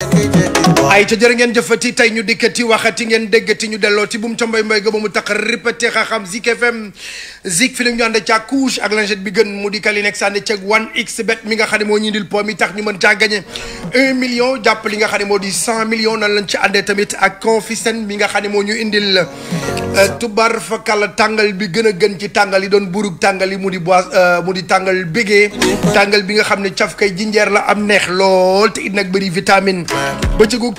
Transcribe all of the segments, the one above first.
Take it. ay ci jere ngeen jëfati tay ñu dikati waxati ngeen déggati ñu delo ti bu mu ca mbay mbay ga bu mu tax xa xam Zik FM Zik fi ñu ànd ca couche ak lanjet bi gën mu di kali nekk sànni ceeg 1x bet mi nga xane mo ñindil po mi tax ñu mën ta gagné 1 million japp li nga xane mo di 100 millions nan lañ ci àndee tamit ak confisen mi nga xane mo ñu indil euh, tubar fa kala tangal bi gëna gën ci tangal yi doon buruk tangal yi mu di bois euh, mu di tangal bégee tangal bi nga xam ne kay jinjer la am neex lol te it nak bari vitamine ba ci guk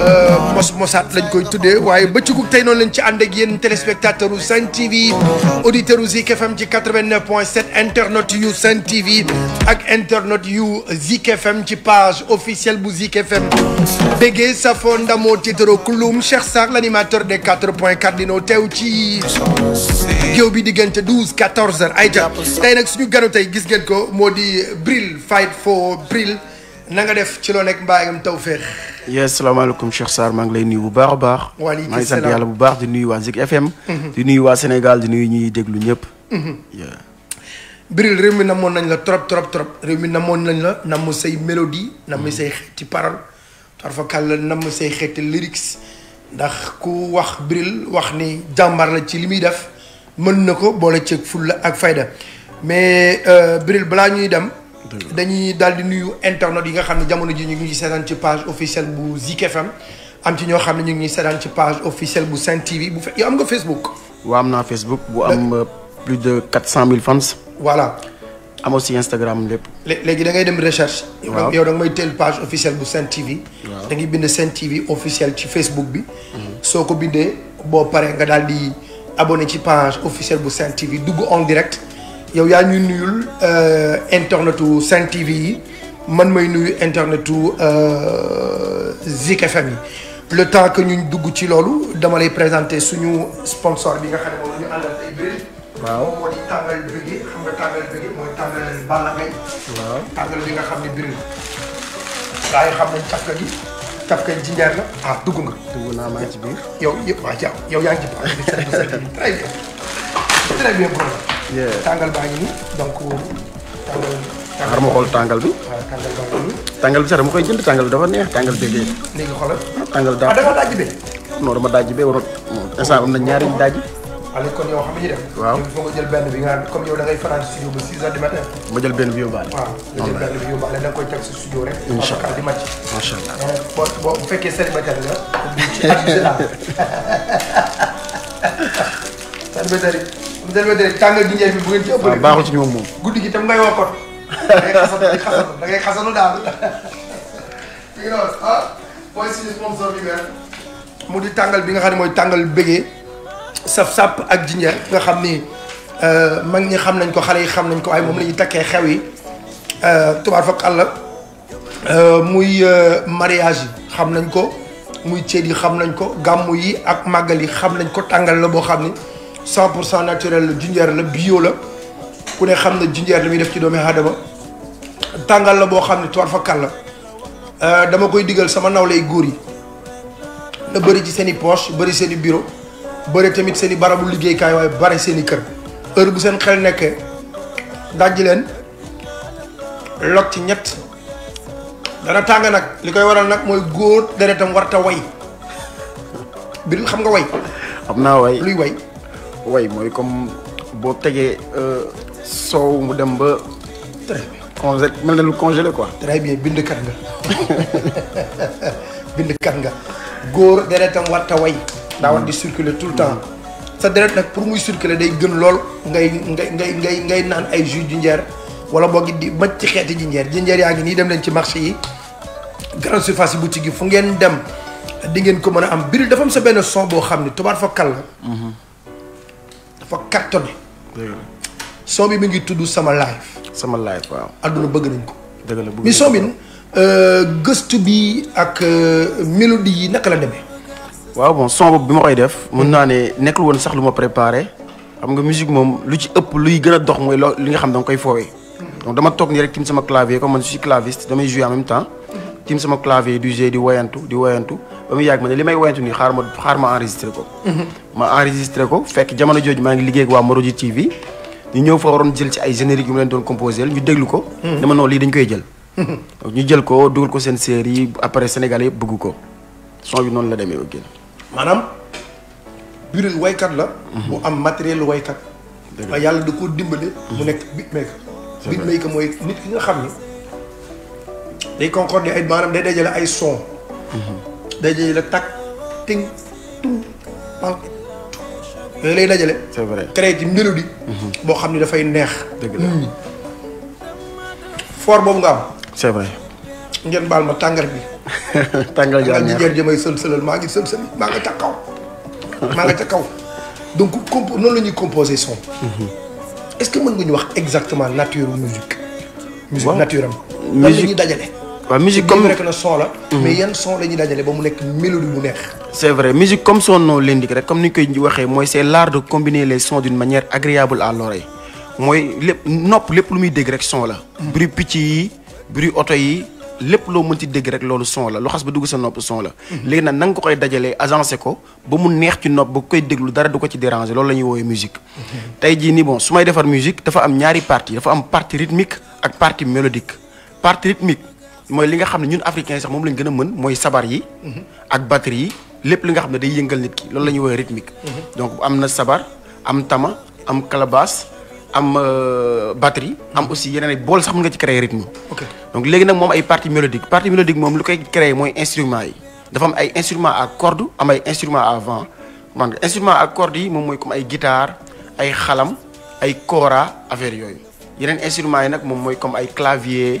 Euh, mos mosaat lañ koy tuddee waaye bëccëgu tey noonu lañ ci ànd ak yéen téléspectateur yu Sen TV auditeurs u Zik FM ci 89.7 internet yu Sen TV ak internet yu Zik FM ci page officielle bu Zik FM béggee safo ndamoo tiitaro kulum Cheikh Sarr l'animateur des quatre points cardinaux teew ci géew bi diggante 12 14 heures ayta tey nag suñu ganu tey gis ngeen ko moo di Bril fight for Bril na def ci lo nek mbaayam tawfiq yes salam alaykum cheikh sar ma ngi lay nuyu bu baax baax ma ngi sant yalla bu baax di nuyu wa zik fm mhm. di nuyu wa senegal di nuyu ñi deglu ñep mhm. yeah biril rew mi namon nañ la trop trop trop rew mi namon nañ la namu say melody mhm. namu say xéti parole tarfa kal namu say xéti lyrics ndax ku wax biril wax ni jambar la ci limi def mën nako bolé ci fulla ak fayda mais euh biril bala ñuy dem dañuy daal di nuyu internet yi nga xam ne jamono ji ñu ngi ñuy seetaan ci page officielle bu Zik FM am ci ñoo xam ne ñu ngi ñuy seetaan ci page officielle bu Saint TV bu fe yow am nga Facebook. waaw am naa Facebook bu am euh, plus de quatre cent fans. voilà. am aussi Instagram lépp. léegi da ngay dem recherche. waaw yow da nga may teel page officielle bu Saint TV. waaw da ngay bind Saint TV officiel ci Facebook bi. Mhm. soo ko bindee boo paree nga daal di abonné ci page officielle bu Saint TV dugg en direct yow yaa ñu nuyul euh, internetu Sen TV yi man may nuyu internetu euh, Zik FM yi le temps que ñu dugg ci loolu dama lay présenter suñu sponsor bi nga xam ne moom ñu àndal tey Bril. waaw moo di tàngal bëggee xam nga tàngal bëggee mooy tàngal Balla Gaye. waaw tàngal bi nga xam ne Bril gaa yi xam nañ cafka gi. cafka jinjeer la ah dugg nga. dugg naa maa ci biir. yow yëpp waa yow yaa ngi ci biir très bien très bien. tanggal baa ngi donc tàngal. xar ma tanggal tàngal bi. tanggal tàngal baa tanggal tanggal tàngal bi ah, tanggal dama tanggal jënd tàngal tanggal dafa neex ya? tàngal déggee. léegi xoolal tàngal da nga daaj be. non dama daaj be waroon instant am na ñaari daaj. Aliou kon yow xam nga def. waaw il nga jël benn bi nga comme yow da ngay studio ba 6 heures du matin. ma jël benn bi yóbbaale. waaw jël benn bi da koy studio rek. allah di match. macha allah eh, nga. ci bu bi bu ngeen ci ëppalee. Ah, gi tam ngay wokkot da ngay da ngay xasal da ah, mu di tàngal bi nga xam ne mooy tàngal bëggee saf sàpp ak jinjeer nga xam ni euh, mag ñi xam nañ ko xale yi xam nañ ko waaye moom lañuy ñuy takkee xew yi euh, tubaab fakk àll euh, muy mariage yi xam nañ ko muy ceet yi xam nañ ko gàmmu yi ak màggal yi xam nañ ko tàngal la boo xam ni. cent pour cent naturel la jinjeer la bio la ku ne xam na jinjeer la muy def ci doomi aadama tàngal la boo xam ne toor fa kàll la euh, dama koy digal sama nawley góor yi na bëri ci seen i poche bëri seen i bureau bari tamit seen i barabu liggéeykaay waaye bari seen i kër heure bu seen xel nekkee dajji leen log ci ñett dana tàng nag li koy waral nag mooy góor deretam warta way bir xam nga way xam naa way luy way way moy comme boo tegee eh, sow mu dem ba. très bien congé mel na lu congelé quoi. très bien bind kat nga bind kat nga góor deretam war ta way. da war hmm. di circuler tout le temps. sa deret nak pour muy circuler day gën lool ngay ngay ngay ngay ngay ay jus ndier wala gi di mët ci du ndier jinjeer yaa ngi ni dem len ci marché yi grande surface boutique yi fu ngeen dem di ngeen ko mën am bir dafa am sa ben son bo xamni tobar fa kal la. Hmm. dafa cartonné. son bi mi ngi tudd sama life sama life waaw. àdduna bëgg nañ ko. dëgg la bëgg son bi euh, gëstu bi ak euh, mélodie yi naka la demee. waaw bon son boobu bi ma koy def. mën naa ne nekkul woon sax lu ma préparé. xam nga musique moom lu ci ëpp luy gën a dox mooy loo li nga xam da nga koy foowee. donc dama toog ni rek tim sama clavier comme man je suis claviste damay jouer en même temps. tim sama clavier du jeu di woyantu di woyantu. ba mu yàgg ma ne li may woyantu nii xaar ma xaar ma enregistré ko. Mhm. ma enregistré ko fekk jamono jooju maa ngi liggéey ak waa Marodi TV ñu ñëw fa waroon jël ci ay générique yu mu leen doon composé ñu déglu ko. Mhm. ne lii dañ koy jël. Mhm. ñu jël ko dugal ko seen série après sénégalais yëpp bëgg ko son bi noonu la demee ba génn. maanaam birin waykat la. mu am matériel waykat. dëgg la yàlla da koo dimbale. mu nekk beatmaker. beatmaker mooy nit ki nga xam ni day concordé ay maanaam day dajale takk ting tung pal yooyu lay dajale. c'est vrai créé ci mhm. boo xam ne dafay neex. dëgg la hmm. boobu nga am. c'est vrai. ngeen baal ma tàngar bi. tàngal jaa neex maa ngi may sël sëlal maa ngi sël sël maa nga ca kaw. maa nga ca kaw donc compo noonu la ñuy composé son. Mhm. est-ce que mën nga ñu wax exactement nature musique. musique nature am. musique lan dajale. waaw musique comme rek son la. Mhm. mais yan son la ñuy dajale ba mu nek mélodie bu neex. c'est vrai musique comme son nom l'indique rek comme ni koy waxee mooy c'est l'art de combiner les sons d'une manière agréable à l'oreille Moy lépp nopp lépp lu muy dég rek son la. Mhm. bruit petit yi bruit auto yi lo loo ci dég rek loolu son la Lo xass ba dugg sa nopp son la. Mhm. léegi nag na nang ko koy dajalee agencer ko ba mu neex ci nopp ba koy déglu dara du ko ci déranger loolu la ñuy musique. tey jii ni bon su défar musique dafa am ñaari partie dafa am partie rythmique ak partie mélodique partie rythmique moy li nga xam ñun africains sax mom lañu gëna a moy sabar yi ak batterie yi lépp li nga xam day yëngal nit ki loolu lañu ñuy rythmique donc amna sabar am tama am calabasse am euh, batterie am aussi yeneen bol sax mën nga ci créer rythme donc légui nak mom ay partie mélodique partie mélodique mom lu koy créer moy instrument yi dafa am ay instrument à cordes am ay instrument à vent man instrument à cordes yi comme ay guitare ay xalam ay kora affaire yooyu yeneen instruments yi nak mom moy comme ay clavier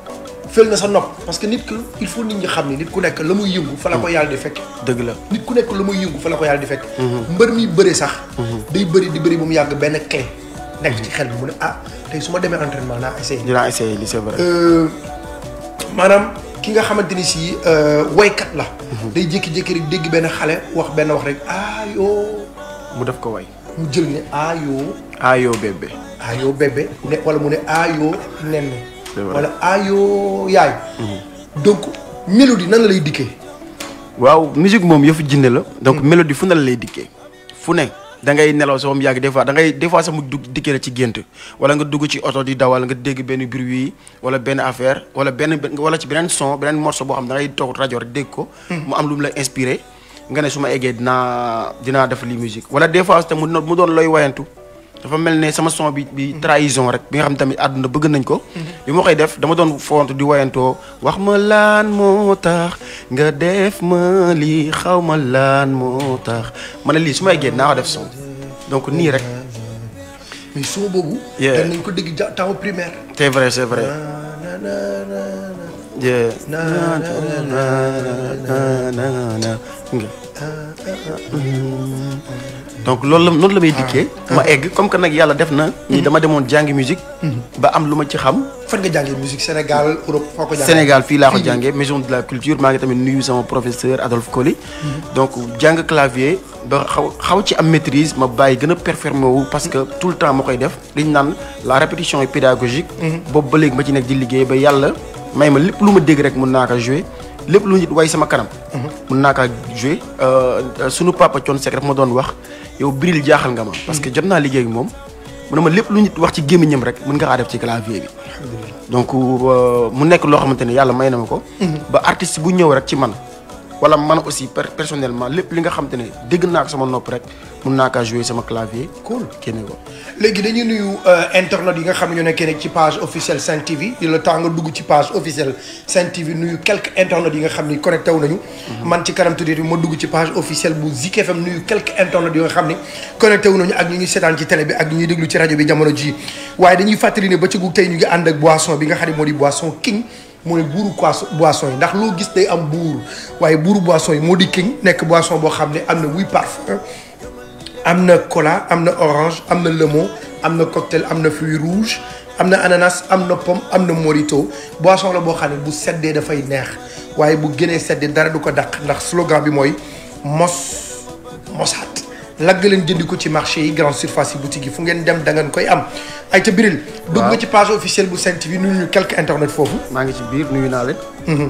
fël na sa nopp parce que nit ku il faut nit ñi xam ni nit ku nekk la muy yëngu fa la ko yàlla di fekk dëgg la nit ku nekk la muy yëngu fa la ko yàlla di fekk mhm. mbër mi bëri sax mhm. day bëri di bëri ba mu yàgg benn clé nekk ci xel bi mu ne ah tey su ma demee entraînement naa essayé dinaa essayé li euh, maanaam ki nga xamante ni si euh, waykat la mhm. day jékki-jékki rek dégg benn xale wax benn wax rek aayoo mu def ko way mu jël ne aayoo aayoo aayoo bébé ne wala mu ne aayoo nen wala aayoo yaay. donc mélodie nan lay dikkee. waaw musique moom yëfu jinne la. donc mhm. mélodie fu ne la lay dikkee. fu ne da ngay nelaw sa moom yàgg des fois da ngay sax mu dugg dikkee la ci gént wala nga dugg ci oto di dawal nga dégg benn bruit wala benn affaire wala benn wala ci beneen son beneen morceau boo xam da ngay toog rajo rek ko. Mhm. mu am lu mu la inspiré. nga ne su ma eggee dina dinaa def lii musique wala des fois te mu doon looy wayantu. dafa mel ne sama son bi bi trahison rek bi nga xam tamit àdduna bëgg nañ ko. Mhm. bi ma koy def dama doon font di woyantoo wax ma laan moo tax nga def ma lii xaw ma laan moo tax ma ne lii su may génn naa ko def son donc nii rek. mais son boobu. ko dégg temps primaire. donc loolu la la may ah. dikkee. ma egg comme que nag yàlla def na. ni mm-hmm. dama demoon jàngi musique. Mm-hmm. ba am lu ma ci xam. fan nga jàngee musique Sénégal Europe foo ko jàngee. Sénégal fii laa ko mm-hmm. jàngee maison de la culture maa ngi tamit nuyu sama professeur Adolphe Coly. donc jàng clavier ba xaw xaw ci am maîtrise ma bàyyi gën a performé wu parce que tout le temps ma koy def li naan la répétition est pédagogique. boobu ba léegi ma ci nekk di liggéey ba yàlla may ma lépp lu ma dégg rek mun naa ko jouer. lépp lu nit way sama kanam. Mhm. mun naa kaa joué euh, euh, sunu papa Thione Seck daf ma doon wax yow Bril jaaxal nga ma. parce que mhm. jot naa liggéey moom mun ne ma lépp lu nit wax ci gémmiñam rek mën nga kaa def ci clavier bi. donc euh, mu nekk loo xamante ne yàlla may na ma ko. Mhm. ba artiste bu ñëw rek ci man. wala man aussi personnellement lépp li nga xamante ne dégg naa ko sama nopp rek. mun naa kaa jouer sama clavier. cool génne ko. léegi dañuy nuyu euh, internet yi nga xam ne ñu ci page officielle Saint TV di le temps nga dugg ci page officielle Saint TV nuyu quelques internet yi nga xam ni connecté wu nañu. Mhm. man ci kanam tuuti ma dugg ci page officielle bu Zik FM nuyu quelques internet yi nga xam ni connecté wu nañu ak ñu ngi seetaan ci télé bi ak ñu ngi déglu ci rajo bi jamono ji waaye dañuy fàttali ne ba ci gu tey ñu ngi ànd ak boisson bi nga xam ne moo di boisson king. moo ne buuru boisson yi ndax loo gis day am buur waaye buuru boisson yi moo di king nekk boisson boo xam ne am na wuy parfum amna cola amna orange amna lemon amna cocktail amna fruit rouge amna ananas am na pomme amna morito boisson la bo xam bu bu da fay neex waye bu gënee seddee dara du ko dak ndax slogan bi moy mos mosat lagg leen jëndi ko ci marché yi grande surface yi boutique yi fu ngeen dem da ngeen koy am ay te biril dugg nga ci page officielle bu Sen bi nuyu ñu quelques internet fofu maa ngi ci biir nuyu naa leen mhm.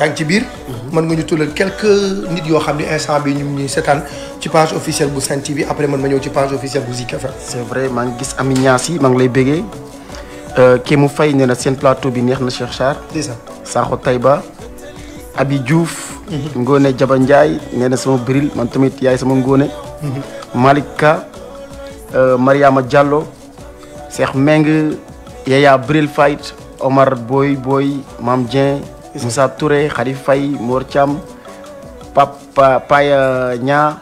ya ngi ci biir mhm man nga ñu tuddal quelques nit yoo xam ne instant bi ñu ñuy seetaan ci page officielle bu Sen TV après man ma ñëw ci page officielle bu Zik FM. c' est vrai maa ngi gis Ami Niass yi maa ngi lay bégee euh, Kémou nee na seen plateau bi neex na Cheikh Char. c' est ça Sakho Taïba Abi Diouf. Mhm. Ngone Jaba Ndiaye nee na sama Bril man tamit yaay sama Ngone. Mhm. Malick Ka euh, Mariama Diallo Cheikh Meng Yaya Bril Fight Omar Boy Boy Mam Dieng. Moussa Touré Khady Faye Mor Papa Paya Nya.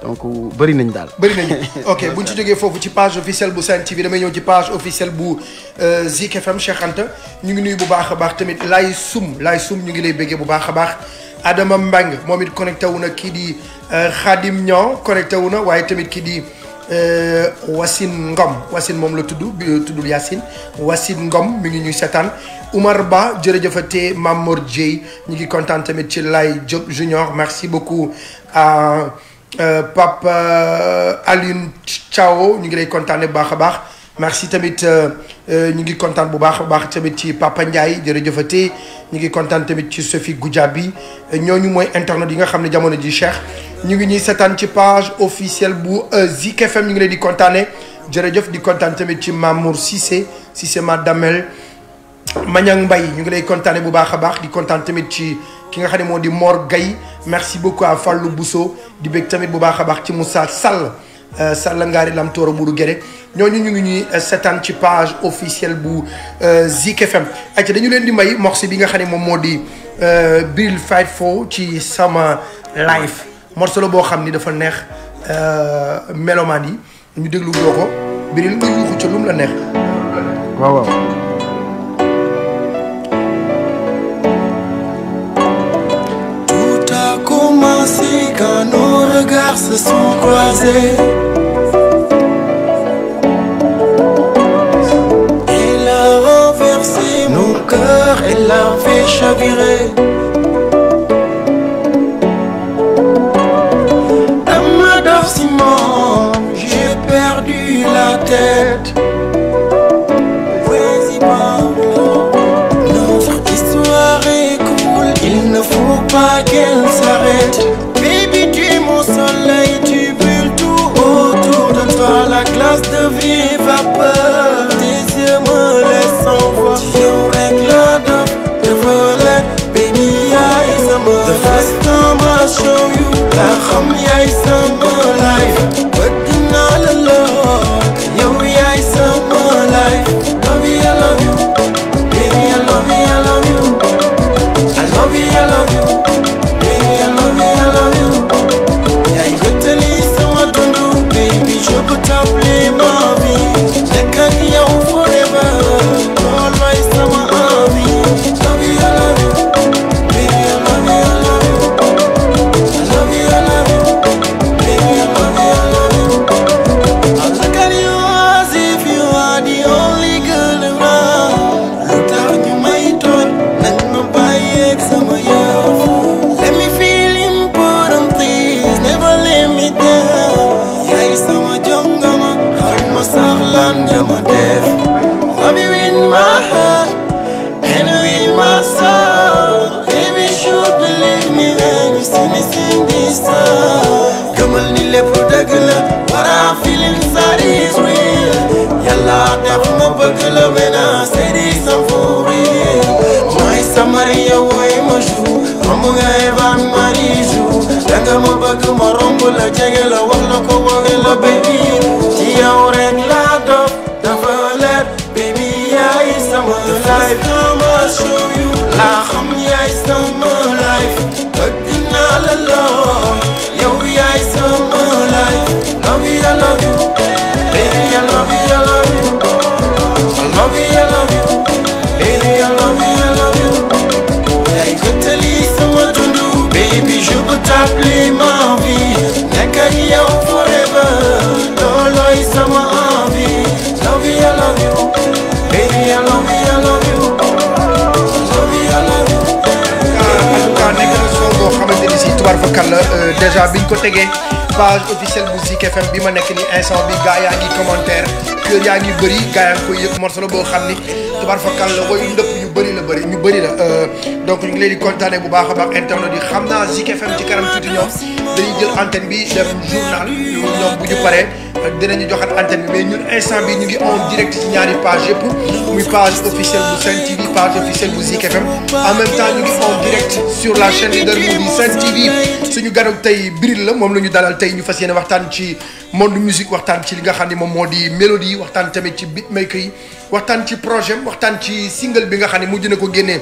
donc bëri nañ dal bëri nañ ok buñ ci joggé fofu ci page officielle bu Sen TV damay ñëw ci page officielle bu euh, Zik FM Cheikh Anta ñu ngi nuyu bu baaxa baax tamit Lay sum Lay sum ñu ngi lay béggee bu baaxa baax. Adama Mbang momit connecté wu na kii di euh, Khadim Niang connecté wu na waaye tamit ki di. Euh, Wassine Ngom Wassine moom la tudd bi tuddul Yacine Wassine Ngom mi ngi ñuy seetaan Oumar Ba jërëjëfate Mamour Dieye ñu ngi kontaan tamit ci Lay Diop Junior merci beaucoup à euh, Pape euh, Alioune Thiaw ñu ngi lay kontaane bu baax a baax. merci tamit euh, euh, ñu ngi kontaan bu baax baax tamit ci Papa Ndiaye jërëjëfate ñu ngi kontaan tamit ci Sophie Goudiaby ñooñu moy internet yi nga xam ne jamono ji Cheikh ñu ngi ñi seetaan ci page officielle bu euh, Zik FM ñu ngi leen di kontaanee jërëjëf di kontaan tamit ci Mamour Cissé Cissé Madamel Mañang mbay ñu ngi lay kontaanee bu baax baax di kontaan tamit ci ki nga xam ne di Mor gay merci beaucoup à Fallou Bousso di bëgg tamit bu baax baax ci Moussa Sall. Euh, Sallangaari Lam toro Mbour Guéré ñooñu ñu ngi ñuy euh, seetaan ci page officiel bu euh, Zik FM ayca dañu leen di may morceau bi nga xam mom modi moo di Bill Fight Fo ci sama life morceau lo bo xamni dafa neex euh mélomane yi ñu déglu doo ko Bill nga yuuxu ci lu la neex. waaw waaw. se sont croisés. Elle a renversé nos cœurs et l'a fait chavirer. Amador Simon, j'ai perdu la tête. Notre histoire est cool, il ne faut pas qu'elle soit. The first time I show you laa xam yaay sama life bëgg naa la lool yow yaay sama life love you I love you baby I love you I love you I love you I love you baby I love you I love you Yeah, you yaay jotali sama do, baby je peux t'appeler bëgg la menace et di s'enfuir mooy samari yow mooy ma jour romb nga Evan Marie jour danga ma bëgg ma romb la jege la wax la ko wóge la béy tubaar fa kàll euh, dèjà biñ ko tegee page officielle bu Zik FM bi ma nekk ni instant bi gaa yaa ngi commentaire kër yaa ngi bëri gaa yaa ngi koy yëg morceau la boo xam ni tubaar fa kàll woy ndëpp yu bëri la bëri ñu bëri la euh, donc ñu ngi leen di kontaanee bu baax a baax internet yi xam naa Zik FM ci kanam tuuti ñoom dañuy jël antenne bi dem journal ñoom bu ñu paree dinañu joxat antenne bi mais ñun instant bi ñu ngi en direct ci ñaari page yëpp muy page officielle bu Saint TV page officielle bu Zik FM en même temps ñu ngi en direct sur la chaîne leader mu Saint TV suñu gan ak tey Bril la moom la ñu dalal tey ñu fas yéene waxtaan ci monde musique waxtaan ci li nga xam ne moom moo di mélodie waxtaan tamit ci beatmaker yi waxtaan ci projet waxtaan ci single bi nga xam ne mujj na ko génnee.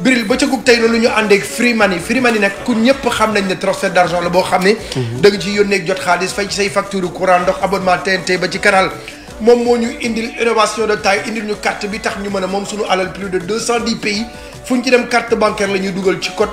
Bril ba ca gug tey loolu ñu àndeeg free money free money nag ku ñëpp xam nañ ne transfert d' la boo xam ne mhm. da nga ciy yónneeg jot xaalis fay ci say facture courant ndox abonnement TNT ba ci canal moom moo ñu indil innovation de taille indil ñu carte bi tax ñu mën a moom suñu alal plus de deux cent dix pays fu ñu ci dem carte bancaire la dugal ci code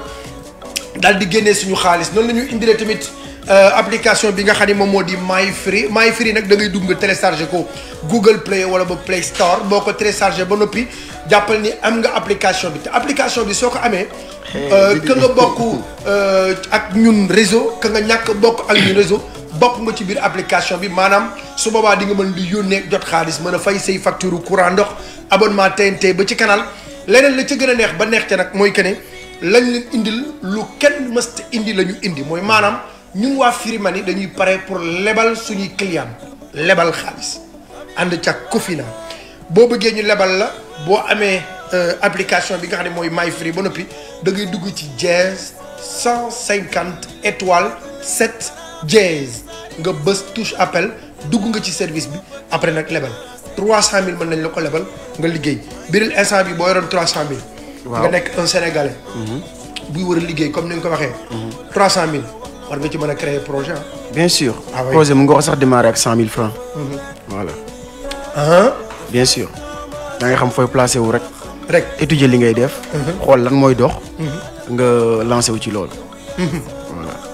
daal di génnee suñu xaalis noonu la ñuy indilee tamit Euh, application bi nga xam ne moom moo di My Free My Free nag da ngay dugg nga téléchargé ko Google Play wala ba Play Store boo ko téléchargé ba noppi jàppal ni am nga application bi te application bi soo ko amee. Euh, ka nga bokk euh, ak ñun réseau ka nga ñàkk bokk ak ñun réseau. bokk nga ci biir application bi maanaam su boobaa di nga mën di yónnee jot xaalis mën a fay say facture courant ndox abonnement TNT ba ci canal leneen la ci gën a neex ba neex ca nag mooy que ne lañ leen indil lu kenn mësta indi la ñu indi mooy maanaam. ñun waa Firimani dañuy pare pour lebal suñuy client lebal xaalis ànd ca kofina boo bëggee ñu lebal la boo amee euh, application bi nga xam ne mooy My Free ba noppi da ngay dugg ci jazz 150 étoile 7 jazz nga bës touche appel dugg nga ci service bi après nag lebal 300000 mën nañ la ko lebal nga liggéey biril instant bi boo yoroon 300000. waaw nga nekk un sénégalais. Mhm. buy war a liggéey comme ni nga ko waxee. 300000. Mhm. Parce que tu m'as créé un projet. Bien sûr. Ah oui. démarrer avec 100 000 francs. Mhm. Hein? Bien sûr. Tu sais qu'il placer où? Rek. Rek. Étudier ce que tu fais. Regarde ce qui se passe. Tu lances sur ça.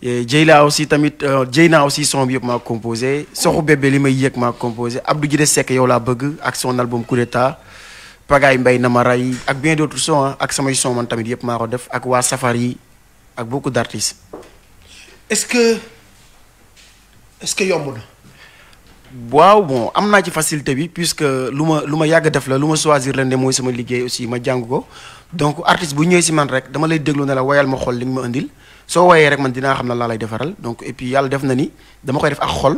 Jayla aussi tamit euh, Jayna aussi son bi ma composé soxu bébé li may yëg maa composé Abdou Guité Seck yow la bëgg ak son album coup d'état Pagay Mbay na ma ray ak bien d'autres sons hein, ak sama son man tamit yep ma ko def ak wa Safari ak beaucoup d'artistes. est-ce que est-ce que yomb na. waaw bon amna ci facilité bi puisque luma luma yag def la luma choisir la ne mooy sama liggéey aussi ma jàng ko donc artiste bu ñëw ci man rek dama lay déglu ne la wayal ma xol li nga ma indil soo woyee rek man dinaa xam la laa lay defaral donc et puis yàlla def na ni dama koy def ak xol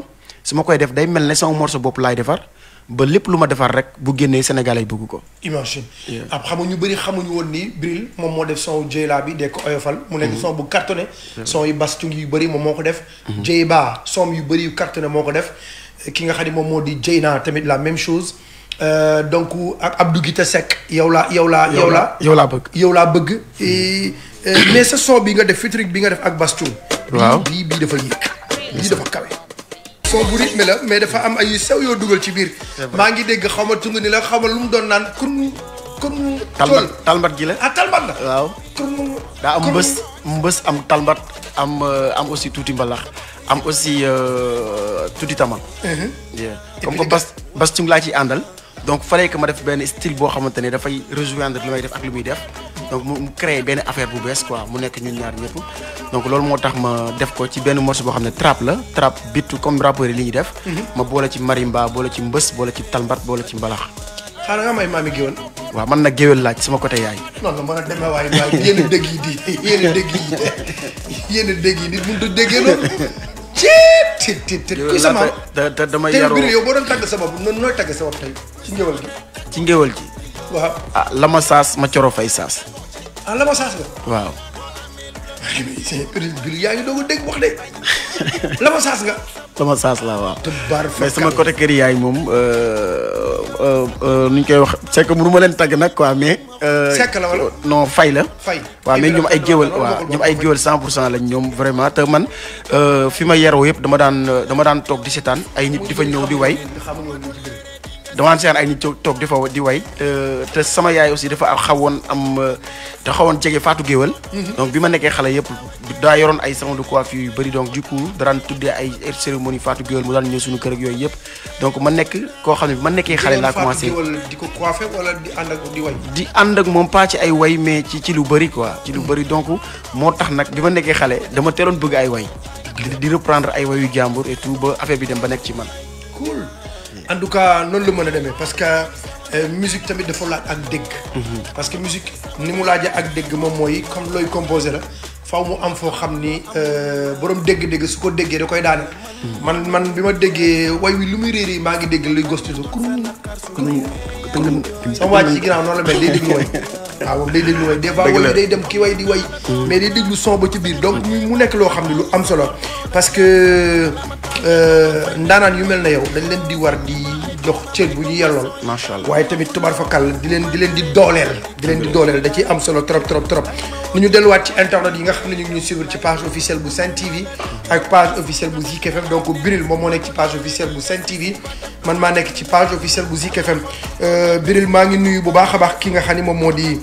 su ma koy def day mel ne sama morceau bopp laay defar ba lépp lu ma defar rek bu génnee sénégalais bëgg ko. imagine ab xamuñu ñu bëri xamuñu woon ni Bril moom moo def son Jeyla bi de ko oyofal. mu nekk mm-hmm. son bu cartonné. son yu bas yu bëri moom moo ko def. Mm-hmm. Jeyba son yu bëri yu cartonné moo ko def ki nga xam ne moom moo di Jeyna tamit la même chose. Euh, donc ak Abdou Guité Seck yow laa yow laa yow laa. yow laa bëgg yow laa bëgg. Mm-hmm. Euh, mais sa son bi nga def featuring bi nga def ak Bass Thioung. bii bii dafa yéeg. bii dafa kawe. son bu rythme la mais dafa am ay sew yoo dugal ci biir. maa ngi dégg xaw ma tungu ni la xaw ma lu mu doon naan kun kun. talmbat talmbat gi la ah talmbat la. waaw kun am mbës mbës am talmbat am euh, am aussi tuuti mbalax am aussi euh, tuuti tamal. Uh-huh. comme que Bass Bass Thioung laa ci àndal. donc fallait que ma def ben style bo xamanteni da fay rejoindre limay def ak limuy def donc mu créer ben affaire bu bees quoi mu nek ñun ñaar ñëpp donc lool motax ma def ko ci ben morceau bo xam trap la trap beat comme rappeur li ñi def. Mhm. ma bolé ci marimba bolé ci mbës bolé ci talmbat bolé ci mbalax. xaaral nga may mami gewon wa man nag gewel laaj sama côté yaay. non la mën démé way waaye waaye yéen yi di yéen a yi di deug yi di mënut a déggee ci ci ci kuy sama te damay yaroo tey yow boo doon tàgg sama bopp noonu nooy tàgg sama tey ci ngéwal gi. ci ngéwal gi. waaw ah lama saas ma coro fay saas. ah lama saas la. waaw. yaa ngi doog a dégg wax la ma saas nga. sama saas la waaw. mais sama côté kër yaay moom euh, euh, euh, nu ñu koy wax. c'est que ma leen tagg nag quoi mais. sekk la wala fay la. fay waaw mais ñoom ay géwél waaw ñoom ay géwél 100 pour cent lañ ñoom vraiment te man fi ma yaroo yëpp dama daan dama daan toog di seetaan ay di fa ñëw di way. dama seen ay nit toog di fa di way te sama yaay aussi dafa xawoon am te xawoon jege Fatou Géwal mhm. donc bima ma nekkee xale yëpp daa yoroon ay salon de coiffure yu bari donc du coup da daraan tuddee ay cérémonie Fatou Géwal mu daan ñëw suñu kër ak yooyu yëpp donc ma nekk koo xam ne ma nekkee xale laa commencé di ko coiffé wala di ànd ak di way di ànd ak moom pas ci ay way mais ci ci lu bari quoi ci lu mhm. bari donc moo tax nag bima ma nekkee xale dama teeloon bëgg ay way di reprendre ay wayu jambour et tout ba affaire bi dem ba nekk ci man cool en tout cas noonu la mën a demee parce que euh, musique tamit dafa laaj ak dégg. Mhm. parce que musique ni mu laajee ak dégg moom mooy comme looy composé la faw mu am foo xam ni euh, borom dégg-dégg su ko déggee da koy daane. Mhm. man man bi ma déggee way wi lu muy réer yi maa ngi dégg luy gos tuuti. kuréel kuréel kuréel sama waa ci ginnaaw noonu la mel day déglu way waaw moom day déglu way des fois way day dem ki way di way mm. mais déglu son ba ci biir donc mu nekk loo xam ne lu am solo parce que euh, ndaanaan yu mel na yow dañ leen di war di jox cër bu ñu yellool macha allah waaye tamit tubaar fakal di leen di leen di dooleel di leen di dooleel da ciy am solo trop trop trop ñu ñu delluwaat ci internet yi nga xam ne ñu ngi ñu suivre ci page officielle bu Sen TV ak page officielle bu Zik FM donc Biril moom moo nekk ci page officielle bu Sen TV man maa nekk ci page officielle bu Zik FM euh, Biril maa ngi nuyu bu baax a baax ki nga xam ne moom moo di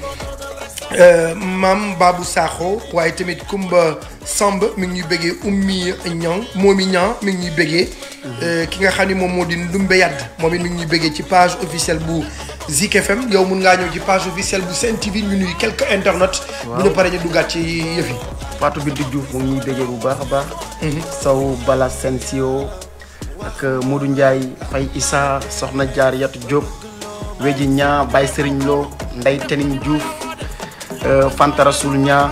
euh, maam Babou Sakho waaye tamit Kumba Samb mi ngi ñuy bëggee Oumy Niang Momi Niang mi ngi ñuy bëggee. Euh, ki nga xam ne moom moo di Ndumbe Yadd moom it mi ngi ñuy bëggee ci page officielle bu Zik FM yow mun ngaa ñëw ci page officielle bu Sen TV ñu nuyu quelques internautes. bu ñu paree ñu duggaat ci yëf yi. Fatou Bintou Diouf mu ngi ñuy bëggee bu baax a baax. Mhm. Sow Bala Sensio ak euh, Modou Ndiaye Faye Issa Soxna Jaar Yatu Diop. Weji Niang Baye Serigne Lo Ndeye Tening Diouf euh, Fanta Rasoul Niang.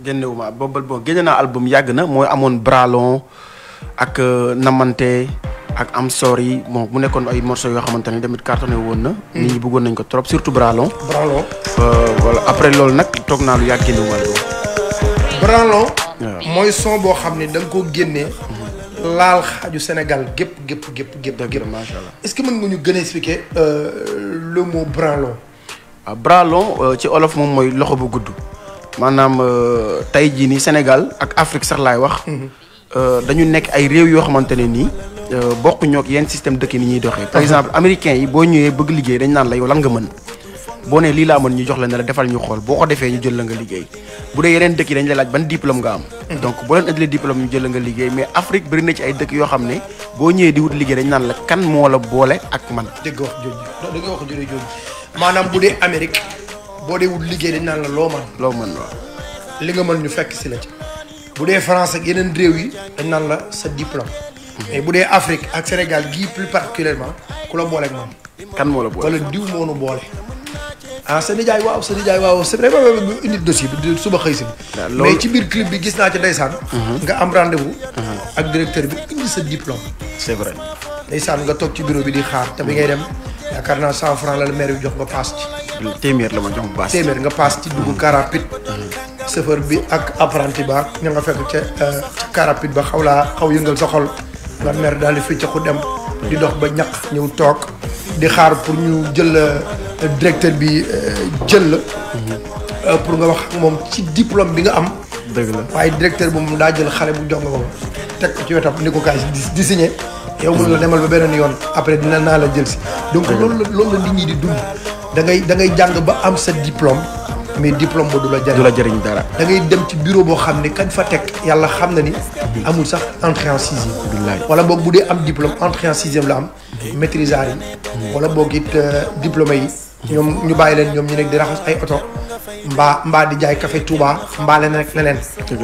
génnewuma bobal bon génne na album yag na moy amone bralon ak euh, namante ak am sorry bon mu nekkon ay morceaux yo xamanteni demit tamit cartonné woon na. Mm. nit ñi bëggon nañ ko trop surtout bralon. bralon euh, voilà après lool nak tok na lu yàgg génnewuma album. bralon. moy son bo xam dang ko nga koo génnee. Mm-hmm. laal xaju Sénégal gep gep gep gépp. dëgg sha allah est ce que mën nga ñu gëna expliquer euh le mot bralon. Ah, bralon euh, ci olof mom moy loxo bu bugudu manam euh, tay ji ni senegal ak Afrique sar lay wax. Mhm. euh dañu nek ay rew yo xamantene ni euh bokku ñok yeen système dekk ni ñi doxé par mhm. exemple américain yi bo ñëwé bëgg liggéey dañ naan la yow lan nga mëne bo né li la mëne ñu jox la né la défal ñu xol boko défé ñu jël la nga liggéey bu dé yeneen dekk yi dañ lay laaj ban diplôme nga am. Mhm. donc bo leen adlé diplôme ñu jël la nga liggéey mais Afrique bari na ci ay dekk yo xamné bo ñëwé di wut liggéey dañ naan la kan mo la bolé ak man. dëgg wax jooju dëgg wax jëj jëj manam bu dé Amérique boo dee wut liggéey dañ naan la loo man loo man li nga mën ñu fekk si la ci bu dee France ak yeneen réew yi dañ naan la sa diplôme mhm. mais bu dee Afrique ak Sénégal gii plus particulièrement ku la booleeg moom kan moo la boole diw moo nu boole ah sa nijaay waaw sa nijaay waaw c'est vraiment indi dossier bi suba xëy si mais ci biir clip bi gis naa ci ndeysaan mhm. nga am rendez-vous mhm. ak directeur bi indi sa diplôme c'est vrai nga toog ci bureau bi di xaar te bi ngay dem yaakaar naa cent jox nga paas téeméer la ma jox paas. téeméer nga paas ci dugg car rapide. Hmm. bi ak apprenti ba ña nga fekk ca euh, ca car rapide ba xaw laa xaw yëngal sa xol. nga mer daal di fii ca ku dem. di dox ba ñaq ñëw toog. di xaar pour ñu jël euh, directeur bi euh, jël la. Hmm. pour nga wax ak moom ci diplôme bi nga am. dëgg la waaye directeur bi moom daa jël xale bu jox nga ko teg ko ci wetam ni ko kaay di signé. yow mën la demal ba beneen yoon après dina naa la jël si. donc loolu loolu nit ñi di dund. da ngay da ngay jàng ba am sa diplôme mais diplôme ba du la jëriñ. du la dara. da ngay dem ci bureau boo xam ne kañ fa teg yàlla xam na ni. amul sax entrée en wala boog bu dee am diplôme entrée en la am. maîtrisard wala boog it euh, diplômé yi. ñoom ñu bàyyi leen ñoom ñu nekk di raxas ay oto. mbaa mbaa di jaay café Touba mbaa leneen ak leneen.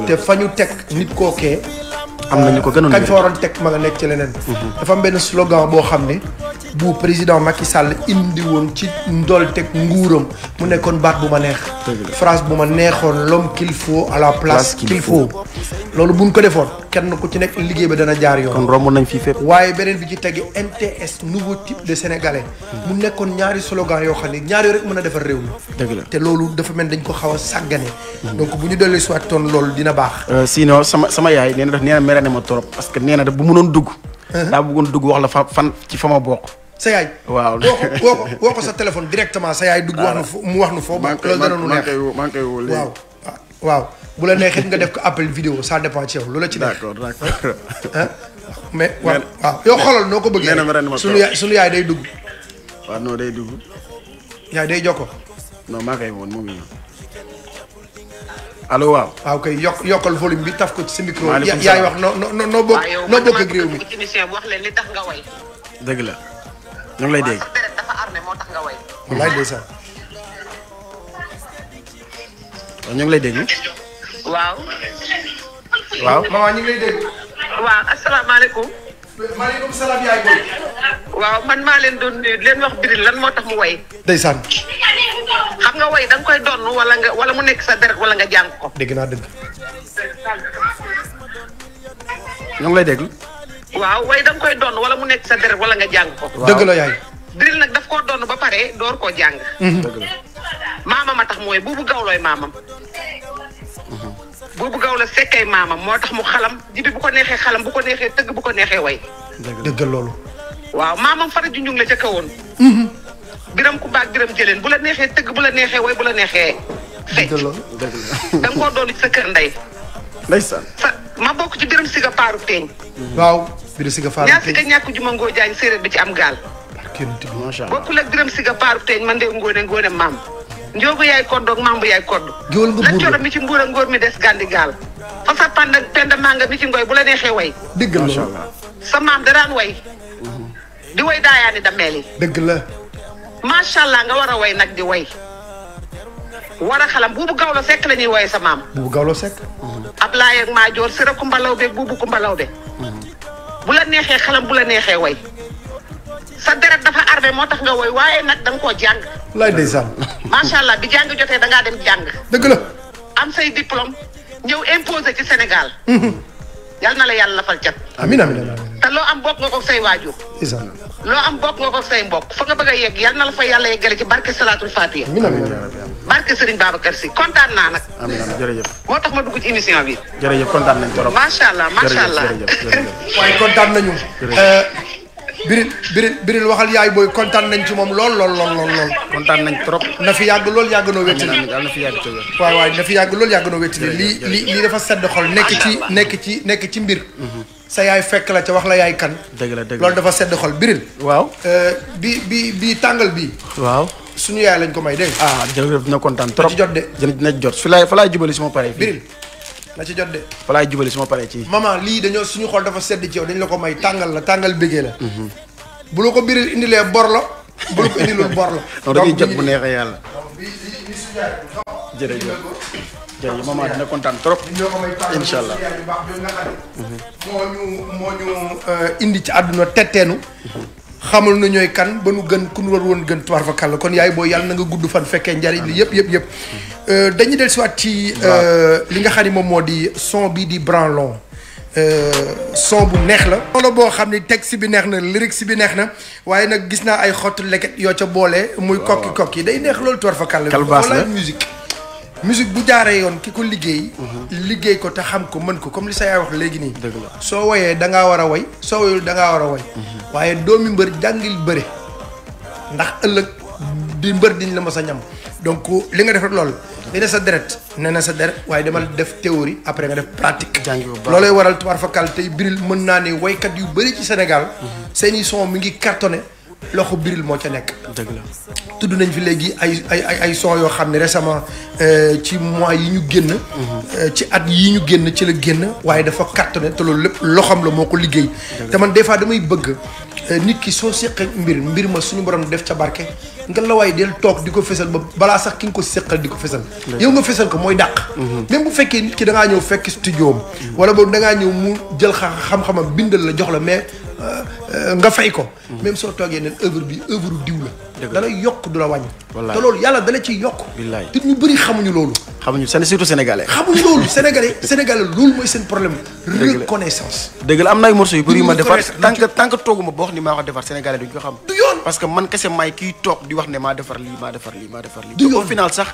te fa ñu teg nit kookee am na ñu euh, ko gënoon kañ fa waroon teg ma nga nekk ci leneen. Mhm. dafa am benn slogan boo xam ne. bu président Macky Sall indi woon ci ndolteg nguuram mu nekkoon baax bu ma neex. phrase bu ma neexoon l'homme qu'il faut à la place qu'il faut. loolu buñ ko defoon kenn ku ci nekk liggéey ba dana jaar yoon. kon romb nañ fi fépp. waaye beneen bi ci tege NTS nouveau type de sénégalais. mu nekkoon ñaari slogan yoo xam ne ñaari rek mën a defar réew mi. dëgg la te loolu dafa mel dañ ko xaw a sàggane. donc bu ñu dellu si waat toon loolu dina baax. Euh, sinon sama sama yaay nee na daf na mere na ma trop parce que nee na daf bu mënoon dugg. daa bëggoon dugg wax la fa ci fa ma sa yaay. waaw woo ko sa téléphone directement sa yaay dugg. wax nu foo mu wax nu foo. man kay la neexee nga def ko appel vidéo ça dépend la ci mais waaw waaw yow xoolal noo ko bëggee. nee sunu yaay sunu yaay day dugg. waaw yokkal volume bi ko ci sa micro. wax noo noo noo bokk noo bokk ak réew wax leen li tax nga way. dëgg la. ñu ngi lay dégg dafa armé moo tax ñu ngi lay dégg. waaw. waaw maman ñu ngi lay dégg. waaw asalaamaaleykum. maaleykum salaam yaay boy. waaw man maa leen doon nuyu leen wax lan moo tax mu way. ndeysaan. xam nga way da nga koy wala nga wala mu nekk sa wala nga ko. dégg naa ñu ngi lay dégg. waaw way da koy doon wala mu nekk sa deret wala nga jàng ko. dëgg la yaay. nag daf koo doon ba pare door koo jàng. Mhm. maamam a tax mooy buubu gawlooy maamam. buubu gawlo sekkay maamam moo tax mu xalam jibi bu ko neexee xalam bu ko neexee tëgg bu ko neexee way. dëgg loolu. waaw maamam fara junjung la ca kawoon. Mhm. biram ku baag biram jëleen bu la neexee tëgg bu la neexee way bu la neexee. fecc da nga koo doon ci sa kër ndey. ndeysaan. sa ma bokk ci biram siga paaru teeñ. waaw. biri siga faal ñaa siga ñàkk juma ngoo jaañ séeréer da ci am gaal bokkul ak biram siga paaru teeñ man de ngoone ngoone maam njogu yaay mam, mambu yaay koddu la coro mi ci mbuura ngóor mi des gandi gaal fa sa panda penda manga mi ci ngoy bu la neexee way dëgg la sa maam daraan way mhm. di way daayaani dameel yi dëgg la macha allah nga war way nag di way war xalam buubu gawlo sekk la ñuy sa maam buubu gawlo sekk ablaay ak maajoor sira kumbalaw beeg buubu kumbalaw beeg bu la neexee xalam bu la neexee woy sa deret dafa arve moo tax nga woy waaye nag da nga koo jàng. lay ndeysaan. macha allah bi jàng jotee da ngaa dem jàng. dëgg la. am say diplôme ñëw imposé ci Sénégal. Mm-hmm. yal na la yàlla fal cat. amiin amiin amiin. te loo am bokk nga say waajur. loo am bokk nga say mbokk fa nga bëgg a yegg yal na la fa yàlla yeggale ci barke Salatul Fatiha. barke Serigne Babacar Sy kontaan naa nag. amiin amiin jërëjëf. moo tax ma dugg émission bi. jërëjëf kontaan nañ trop. macha allah macha allah jërëjëf jërëjëf. waaye kontaan nañu. biril biril biril waxal yaay booy kontaan nañ ci moom lool lool lool lool kontaan nañ trop na fi yàgg lool yàgg noo wétti na fi yàgg waaw waaw na fi lool yàgg noo wétti ni lii lii dafa sedd xol nekk ci nekk ci nekk ci mbir mhm. sa yaay fekk la ca wax la yaay kan dëgg la dëgg loolu dafa sedd xol biril waaw euh, bi bi bi tàngal bi waaw suñu yaay lañ ko may dégg ah jërëjëf dina kontaan trop ci jot de dina jot fi laay fa laay jubali su ma paree biril na ci jot de. fa laay jubali ma paree ci. maman lii dañoo suñu xool dafa sedd ci yow dañ la ko may tàngal la tàngal bëggee la. Mhm. bu la ko biril indilee bor la bu la ko indilul bor la. donc jot bu neexee yàlla. jërëjëf jërëjëf maman dina kontaan trop. incha allah mhm. moo ñu moo ñu euh, indi ci àdduna tetteenu. Mhm. xamul na ñooy kan ba nu gën ku nu war woon gën tubaar fa kàll kon yaay booy yàlla na nga gudd fan fekkee njariñ li yëpp yëpp yëpp euh, dañuy del siwaat ci euh, li nga xam ne moom moo di son bii di branlon euh, son bu neex la solo boo xam ni si bi neex na si bi neex na waaye nag gis naa ay xottu leket yoo ca boole muy kokki kokki day neex loolu tubaar fa kàll musique musique bu jaaree yon kiko ko liggéey. Mhm. liggéey ko te xam ko mën ko comme li say wax léegi ni dëgg la soo woyee da nga wara way so wayul da nga wara way woy. Mhm. doomi mbër jàngil ndax ëllëg di mbeur diñ la mos a ñam donc li nga def lool li na sa deret ne na sa deret waye demal def théorie après nga def pratique. jàngi bu baax loolay waral tubaar fakal tey biril mën naa ne waykat yu bëri ci Sénégal. Mhm. seni son mi ngi cartonner loxo biril moo ca nekk. dëgg la tudd nañ fi léegi ay ay ay ay yoo xam ne récemment euh, ci mois yi ñu génn. Mhm. Euh, ci at yi ñu génn ci la génn. waaye dafa cartonné te loolu lépp loxoom la moo ko liggéey. te man des fois damay bëgg euh, nit ki soo seqee mbir mbir ma suñu borom def ca barke. nga la waay del toog di ko fesal ba balaa sax ki nga ko seqal di ko fesal. yow nga fesal ko mooy dàq. Mhm. même bu fekkee nit ki da ñëw fekk studio am. Mhm. wala boobu da ngaa ñëw mu jël xam-xamam bindal la jox la mais. Euh, nga fay ko. même soo toogee neen œuvre bi œuvre diw la. dëgg la dalay yokk du la wàññi. te loolu yàlla dala ciy yokk. billaay te ñu bëri xamuñu loolu. xamuñu seen surtout sénégalais. xamuñu loolu sénégalais sénégalais loolu mooy seen problème. reconnaissance. dëgg la am na ay morceaux yu bëri yu ma defar tant que tant que tooguma boo wax ni maa ko defar sénégalais duñ ko xam. parce que man kese may kiy toog di wax ne maa defar lii maa defar lii maa defar lii. du yoon au sax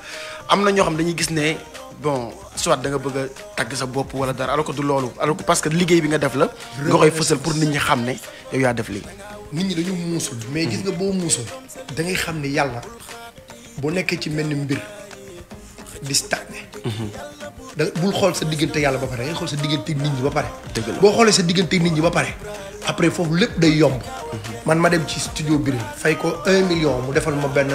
am na ñoo xam dañuy gis ne bon soit da nga bëgg tag sa bop wala dara alors que du lolu alors que parce que liggéey bi nga def la nga koy fessel pour nit ñi xamné yow ya def li nit ñi dañu musul mais gis nga bo musul da ngay xamné yalla yàlla nekk ci melni mbir di stagné mhm. da bul xol sa digënté yalla ba paré ngay xol sa digënté nit ñi ba paré bo xolé sa digënté nit ñi ba paré après fofu lepp day yomb mhm. man ma dem ci studio bi fay ko 1 million mu defal ma benn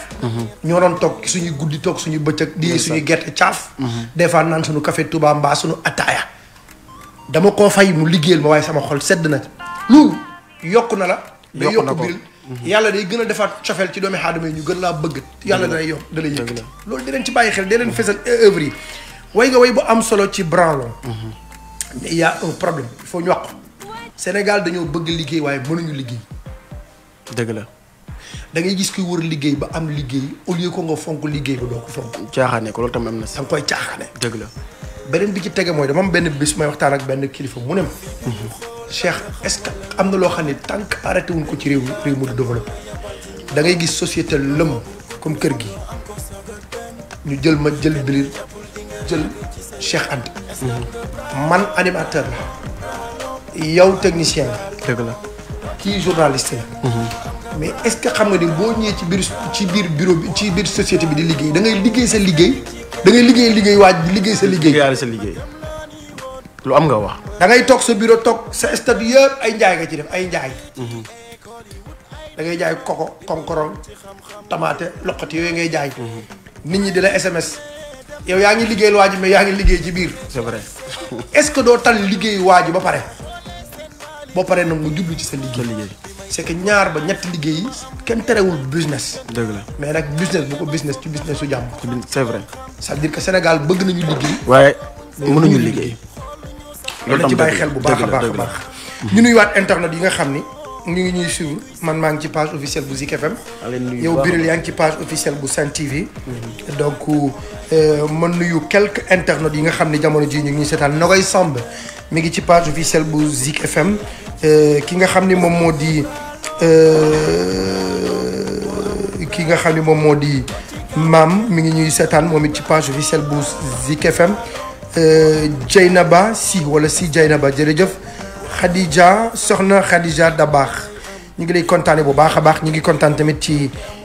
Mm-hmm. ñoo doon toog suñuy guddi toog suñu bëccëg di suñu gerte caaf mm-hmm. des fois naan suñu kafe Touba mbaa suñu ataaya dama koo fay mu liggéeyal ma waaye sama xol sedd na lu yokk na la day yokk biir mm-hmm. yàlla day gën a defaat cofeel ci doomi aadama yi ñu gën laa bëgg yàlla danay yokk da lay yëkkati loolu di leen ci bàyyi xel di leen fesal œuvre yi way nga way bu am solo ci branlon mais il y problème foo faut ñu wax Sénégal dañoo bëgg liggéey waaye mënuñu liggéey dëgg la da ngay gis kuy wër liggéey ba am liggéey au lieu ko nga fonk liggéey ba doo ko fonk. caaxaane ko loolu tamit am na si. da nga koy caaxaane. dëgg la beneen bi ci tege mooy dama am benn bis may waxtaan ak benn kilifa mu ne ma. Cheikh est-ce que am na loo xam ne tant que arrêté wuñ ko ci réew mi réew mu du développé da ngay gis société lëm comme kër gi ñu jël ma jël bilir jël Cheikh Anta. Mhm. man animateur la. yow technicien la. dëgg la kii journaliste la. Mhm. mais est ce que xam nga ni boo ñëwee ci biir ci biir bureau bi ci biir société bi di liggéey da ngay liggéey sa liggéey da ngay liggéey liggéey waaj liggéey sa liggéey. liggéeyaale sa liggéey lu am nga wax. da ngay toog sa bureau toog sa stade yëpp ay njaay nga ci def ay njaay. Mhm. da ngay jaay koko konkoron tamate loqati yooyu ngay jaay. Mhm. nit ñi di la SMS. yow yaa ngi liggéeyal waaji mais yaa ngi liggéey ci biir. c'est vrai est ce que doo tal liggéey waaji ba pare ba paree nag mu jublu ci sa liggéey. c'est que ñaar ba ñett liggéey yi kenn téréwul business. dëgg la mais nag business bu ko business ci business su jàmm. c'est vrai. c'est-à-dire que Sénégal bëgg nañu liggéey. waaye mënuñu liggéey. loolu ci bàyyi xel bu baax a baax a baax. ñu nuyuwaat internet yi nga xam ni ñu ngi ñuy suivre man maa ngi ci page officielle bu Zik FM. yow Biril yaa ngi ci page officielle bu Sen TV. Mm-hmm. donc euh, ma nuyu quelques internet yi nga xam ni jamono jii ñu ngi ñuy seetaan Nogoy Samb mi ngi ci page officielle bu Zik FM euh, ki nga xam ni moom moo di. Euh, ki nga xam ne moom moo di maam mi ngi ñuy seetaan moom it ci page officielle bu Zik FM euh, Dieynaba si wala si Dieynaba jërëjëf Khadija soxna Khadija Dabaax ñu ngi lay kontaane bu baax a baax ñu ngi kontaan tamit ci.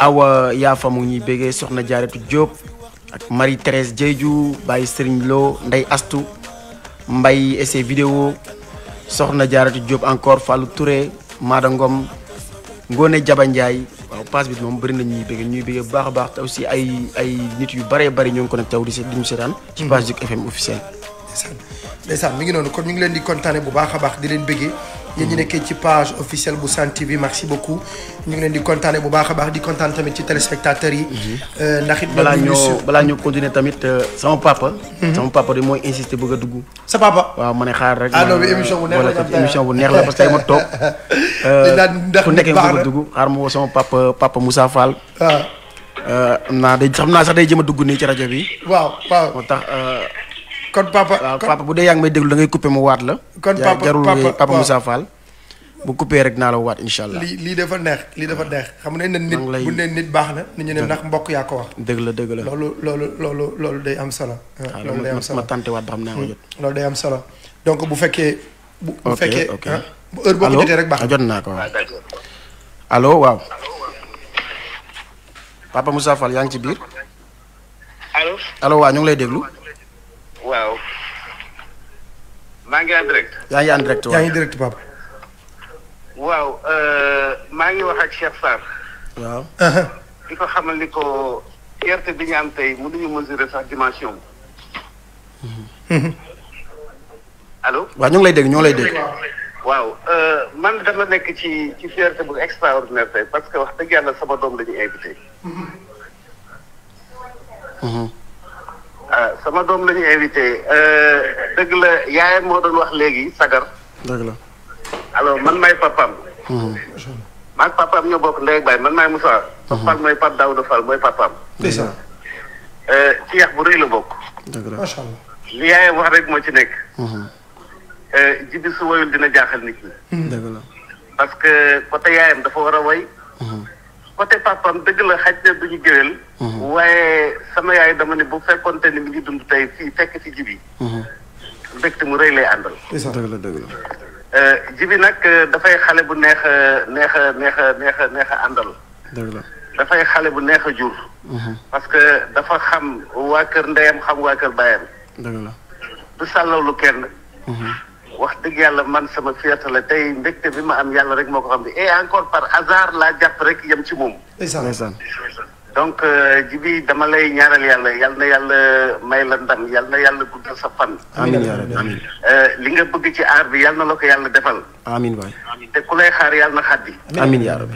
awa yaafa mu ñuy béggee soxna jaaratu Diop ak Marie Thérèse Diédiou Baye Serigne Lo Ndey Astu Mbay essai vidéo soxna jaaratu Diop encore Fallou Touré Maada Ngom Ngone Jaba Ndiaye waaw pass bi moom bëri na ñuy bëgg ñuy bëgg bu baax a baax te si ay ay nit yu bëree bëri ñoo ngi connecté di seetaan ci page FM officiel ngi leen di kontaane bu baax a baax di leen bëggee yéen ñi nekkee ci page officielle bu Sen TV merci beaucoup ñu ngi leen di kontaane bu baax a baax di kontaan tamit ci téléspectateurs yi. Mhm. Euh, ndax it balaa ñoo balaa ñoo continuer tamit euh, sama papa. Mhm. sama papa di mooy insister bëgg a dugg. sa papa waaw ma ne xaar rek. ah loolu émission bu neex la émission bu neex la parce que ay ma toog. Euh, ndax ku nekkee bëgg a dugg xaar ma woo sama papa papa Moussa Fall. waaw. Ah. naa day xam naa sax day jëm a dugg nii ci rajo bi. waaw waaw moo tax. kon papa kon papa bu de yang may deglu da ngay couper mu wat la. kon papa jarul papa Moussa Fall. bu couper rek na la wat inshallah li li dafa neex li dafa neex. xam nga ne nit bu ne nit bax na. nit ñene nak mbokk ya ko wax. deug la deug la lolu lolu lolu lolu day am solo. lolu day am solo ma tante wat ba na naa hmm. jot. lolu day am solo donc bu fekke bu fekke ah, bu heure bokku jote rek bax ah, jot na ko allo waaw. papa Moussa Fall yang ci bir allo allo wa ñu ngi lay deglu waaw. maa ngi en direct. yaa ngi en direct waaw yaa ngi direct papa. waaw euh, maa ngi wax ak Cheikh Sarr. waaw. Uh-huh. di ko xamal ni ko gerte bi ñu am tey mënuñu mesurer sax dimension bi. Mm-hmm. Mm-hmm. allo. waaw ñu ngi lay dégg ñoo lay dégg. waaw euh, man dama nekk ci ci fierté bu extraordinaire tey parce que wax dëgg yàlla sama doom la ñu invité. Mm-hmm. Ah, sama doom la ñu invité euh, dëgg la yaayam moo doon wax léegi sagar. dëgg la. alors man maay papaam. Mhm. maag papaam ñoo bokk ndey ak baay man maay Moussa. Fall mhm. mooy Pape Daouda Fall mooy papaam. ndeysaan. Euh, ci yax bu rëy la bokk. dëgg la macha allah. li yaayam wax rek moo ci nekk. Mhm. Euh, jibi su woyul dina jaaxal nit ñi. dëgg la. parce que côté yaayam dafa war a woy. côté papam dëgg la xaj na duñu gëwél mhm. waaye sama yaay dama ne bu fekkonte ni mu ngi dund tey fii fekk ci jibi mhm. mbégte mu rëy lay àndal dëgg la dëgg la euh, jibi nag euh, dafay xale bu neex neex a neex a neex a neex àndal dëgg la dafay xale bu neex a jur mhm. parce que dafa xam waa kër ndeyam xam waa kër baayam dëgg la du kenn wax dëgg yàlla man sama fierté la tey mbégte bi ma am yàlla rek moo ko xam ne et encore par hasard laa jàpp rek yem ci moom. ndeysaan donc euh, jibi dama lay ñaaral yàlla yal na yàlla may la ndam yal na yàlla guddal sa fan. Euh, li nga bëgg ci aar bi yàlla na la ko yàlla defal. te ku lay xaar yal na xaddi. amiin yaa rabbi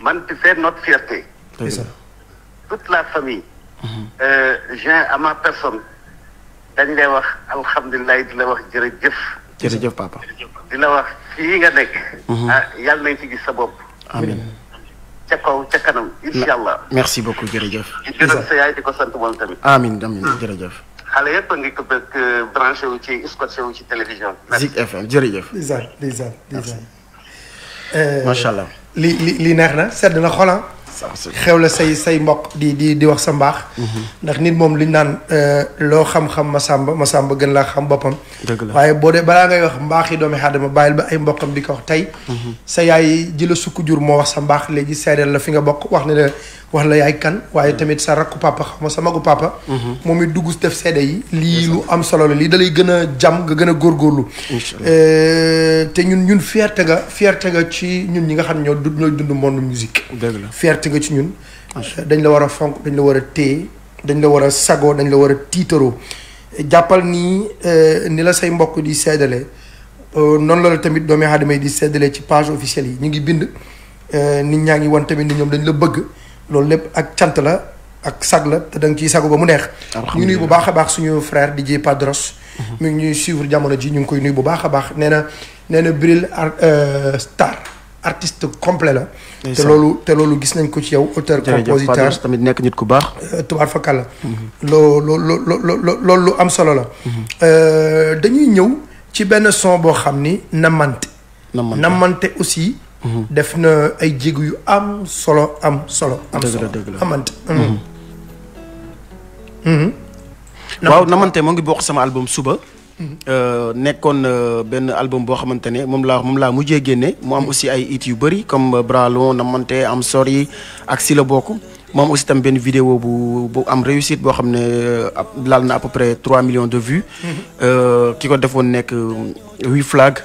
man c'est notre fierté. toute la famille. Mm-hmm. Euh, juin à ma personne dañ lay wax alhamdulilah di la wax jërëjëf. jërëjëf papa. dina wax fii nga nekk. Mhm. ah yàlla nañ ci gis sa bopp. amiin ca kaw ca kanam incha allah. merci beaucoup jërëjëf. gërëm sa yaay di ko sant moom tamit. amiin amiin ah. jërëjëf. xale yëpp a ngi ko bëgg euh, branché wu ci scotché wu ci télévision. Zik FM jërëjëf. ndeysaan ndeysaan ndeysaan. macha xew la say say mbokk di di di wax sa mbaax ndax nit moom ñu naan euh, loo xam-xam ma Masamba gën laa xam boppam waaye boo dee balaa ngay wax mbaax yi doomi aadama bàyyil ba ay mboqam di ko wax tey mhm. sa yaay ji la sukk jur moo wax sa mbaax léegi seedeel la fi nga bokk wax ne la wax la yaay kan waaye mm. tamit sa rakku papa xam nga sa magu papa. Mm-hmm. moom it dugg def seede yi. lii lu am solo la lii da lay gën a jàmm nga gën a góor góorgóorlu. Eh, te ñun ñun fierté nga fierté nga ci ñun ñi nga xam ñoo dund ñooy dund monde musique. dëgg la fierté nga ci ñun. Eh, dañ la war a fonk dañ la war a téye dañ la war a sagoo dañ la war a tiitaroo eh, jàppal ni ni la say mbokk di seddalee noonu la tamit doomi aadama yi di seddale ci page officielle yi ñu ngi bind nit ñaa ngi wan tamit ni ñoom dañ la bëgg. loolu lépp ak cant la ak sag te da nga ciy sagu ba mu neex. ñu frère DJ Padros. Nous mhm. ngi suivre jamono ji ñu ngi nuy bu baax euh, star artiste complet la. te loolu te loolu gis nañ ko ci yow. auteur compositeur tamit nekk nit ku baax. tubaar fa kàlla. loo loo loolu lu am solo la. Mhm. Euh, dañuy son namante. namante aussi def ay yu am solo am solo. am solo amante. Mhm. Mhm. Mhm. waaw namante moo ngi bokk sama album suba. Euh, nekkoon ben album boo xamante ne moom laa moom laa aussi ay it yu comme euh, bras namante am sori ak si la aussi tam benn vidéo bu am réussite ne na à peu près 3 millions de vues. Qui ko defoon nekk huit flags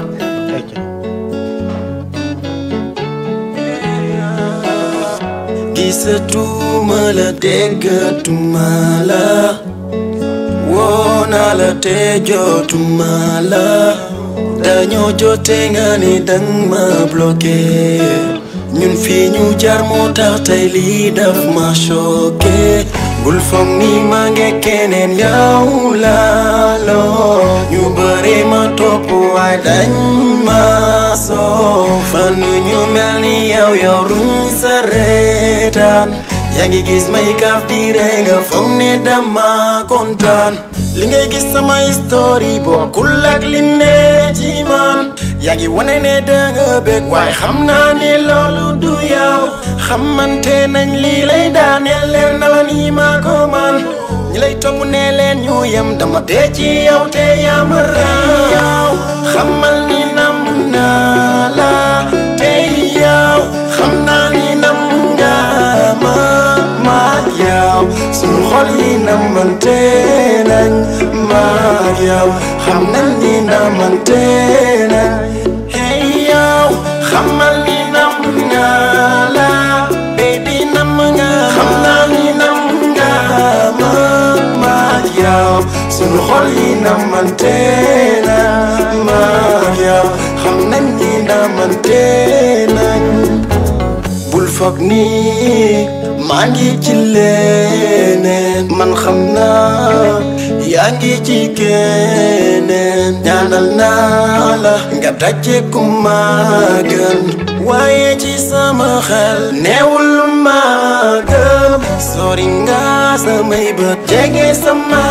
gisatuma la tu la woona la te jotuma la dañoo jote nga ne dang ma bloqué ñun fii ñu jaar moo tax tey lii daf ma choqué bul foog maa ngi keneen yow laa loo ñu bëri ma topp waaye dañ ma soo fan ñu mel ni yow yow ruñ sa yaa ngi gis may kaaf di ree dama kontaan li ngay gis sama histoire bokkul ak li ne ci yaa ngi wane ne danga bëgg xam naa ne loolu du yow xamante nañ lii lay daaneel leen na la nii man ñi lay topp ne leen ñu yem dama dee ci yow te yaa ma raw xamal ni namm naa la xol na namante nañ maag yow xam nañ ni namante nañ hey yow xamal ni nam nga la baby na nga xam na ni nam nga ma maag yow sunu xol yi namante nañ maag yow xam nañ ni namante nañ foog nii maa ngi ci leneen man xam naa yaa ngi ci keneen ñaanal naa la nga daje ku maa gën waaye ci sama xel neewul maa gëm sori nga samay bët sama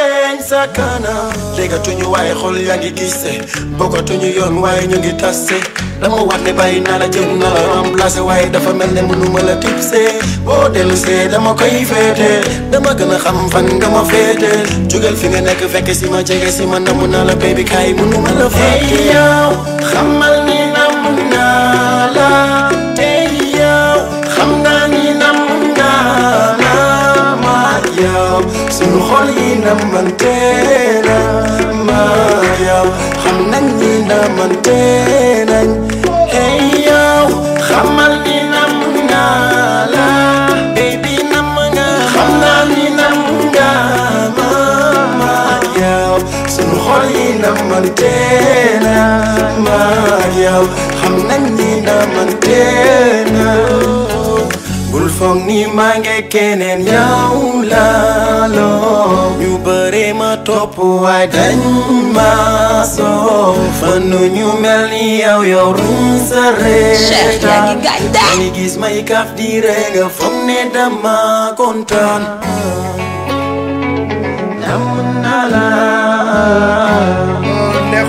sa sakana léegatuñu waaye xol yaa ngi gise bokkatuñu yoon waaye ñu ngi tasse dama wax ne bàyyi naa la jël na la remplacé waaye dafa mel ne mënu ma la tipse boo dellu see dama koy féete dama gën a xam fan nga ma féete jugal fi nga nekk fekk si ma jege si ma namm naa la baby kaay mënu ma la fàtte yow xamal suñu xol yi namante na maa yow xam nañ ni nam naa la baby xam naa ni nam nga ma maa yi namante na maa yow xam nañ ni namante na foog ni maa ngi keneen yow laa loo ñu bëre ma topp waaye dañ ma soo fan ñu mel ni yow yow ruum sa reeta may gis may kaf di renga foog ne dama kontaan nam na la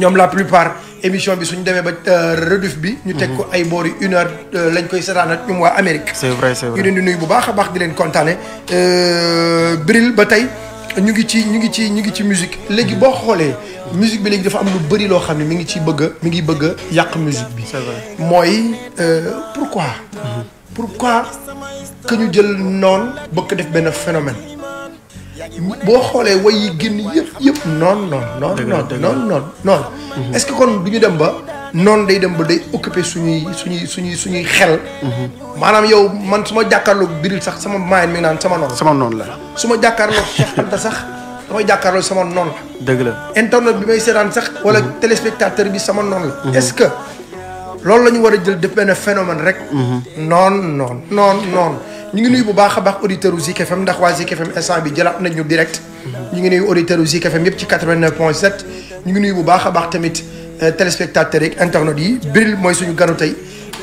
sommes la plupart émission bi suñu demee ba euh, rediff bi. ñu teg ko mhm. ay boori une heure euh, lañ koy seetaan ak c'est vrai c'est vrai ñu leen di bu baax baax di leen euh, Bril ba ñu ngi ci ñu ngi ci ñu ngi ci musique léegi boo xoolee. musique bi léegi dafa am lu bëri loo xam mi ngi bëgg musique c'est vrai mooy pourquoi. Mhm. pourquoi que ñu jël phénomène. boo xoolee way yi génn yëpp noon noonu noonu noonu noonu noonu noonu mhm. est-ce que kon du ñu dem ba noonu day dem ba day occuper suñuy suñuy suñuy suñuy xel mhm. maanaam yow man su ma jàkkaarloog biril sax sama maayen mi naan sama noonu sama noonu la su ma jàkkaarloog Cheikh Anta sax damay jàkkaarloog sama noon la dëgg la internet bi may seetaan sax wala mhm. téléspectateur bi sama noonu la est-ce que loolu la ñu war a jël de benn phénomène rek. noon noon noon noon ñu ngi nuy bu baax a baax auditeurs yu Zik FM ndax waa Zik FM instant bi jëlaat nañ ñu direct. ñu ngi nuyu auditeurs yu Zik FM yëpp ci 89.7. ñu ngi nuyu bu baax a baax tamit euh, téléspectateurs yeeg internet yi Bril mooy suñu ganu tey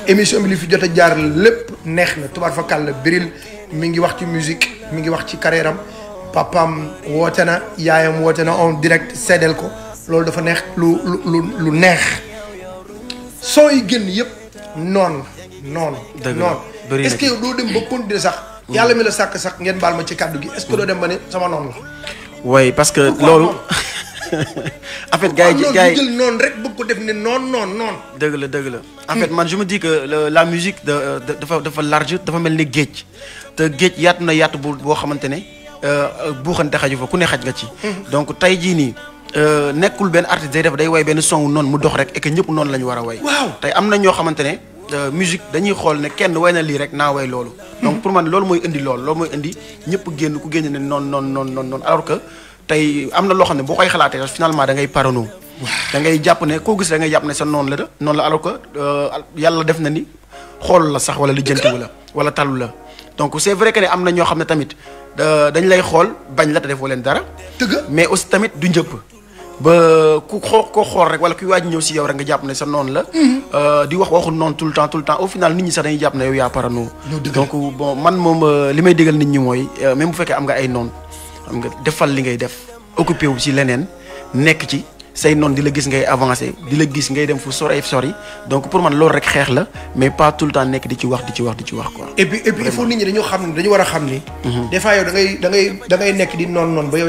émission bi li fi jot a jaar lépp neex na tubaab fa kàll Bril mi ngi wax ci musique mi ngi wax ci carrière am papam woote na yaayam woote na en direct seddeel ko loolu dafa neex lu lu lu neex. non, non, non, non, non, NON est-ce que non, doo dem ba non, sax mm. yàlla mi la NON sax est-ce que dem non, parce que non, en fait gars yi non, yi non, rek non, non, def NON non, non, non, la en hmm. fait je me dis que la musique de dafa dafa large dafa mel ni te géej non, na non, bu boo xamante euh, euh, xaju fa ku ne xaj ci hmm. donc tey Euh, nekkul benn artiste day def day way benn son noon mu dox rek et que ñëpp noonu la ñu war a way. waaw tey am na ñoo xamante ne. Euh, musique dañuy xool ne kenn way na lii rek naa way loolu. Hmm. donc pour man loolu mooy indi loolu loolu mooy indi ñëpp génn ne noonu noonu noonu noonu noonu alors que am na loo xam ne boo koy xalaatee finalement da ngay parano. da ngay jàpp ne koo gis da ngay ne sa noonu la da noonu la alors euh, yàlla def na ni xool la sax wala lijjantiwu la wala talu la donc c'est vrai que am na ñoo xam ne tamit dañ lay xool bañ la te defoo leen dara. mais aussi tamit du njëpp. ba ku xoo ko xool rek wala kuy waaj ñëw si yow rek nga jàpp ne sa noon la. Mm-hmm. Euh, di wax waxu noonu tout le temps tout le temps au final nit ñi sax dañuy jàpp ne yow yaa parano. donc bon man moom euh, li may digal nit ñi mooy euh, même bu fekkee am nga ay noon xam nga defal li ngay def occupé wu si leneen nekk ci. C'est non dila gis ngay avancer dila gis ngay dem fu sori sori donc pour moi rek mais pas tout le temps nek di ci wax di ci wax di et puis et puis il faut nit ñi dañu xam dañu mhm. des fois yow da ngay da ngay da ngay di non ba yow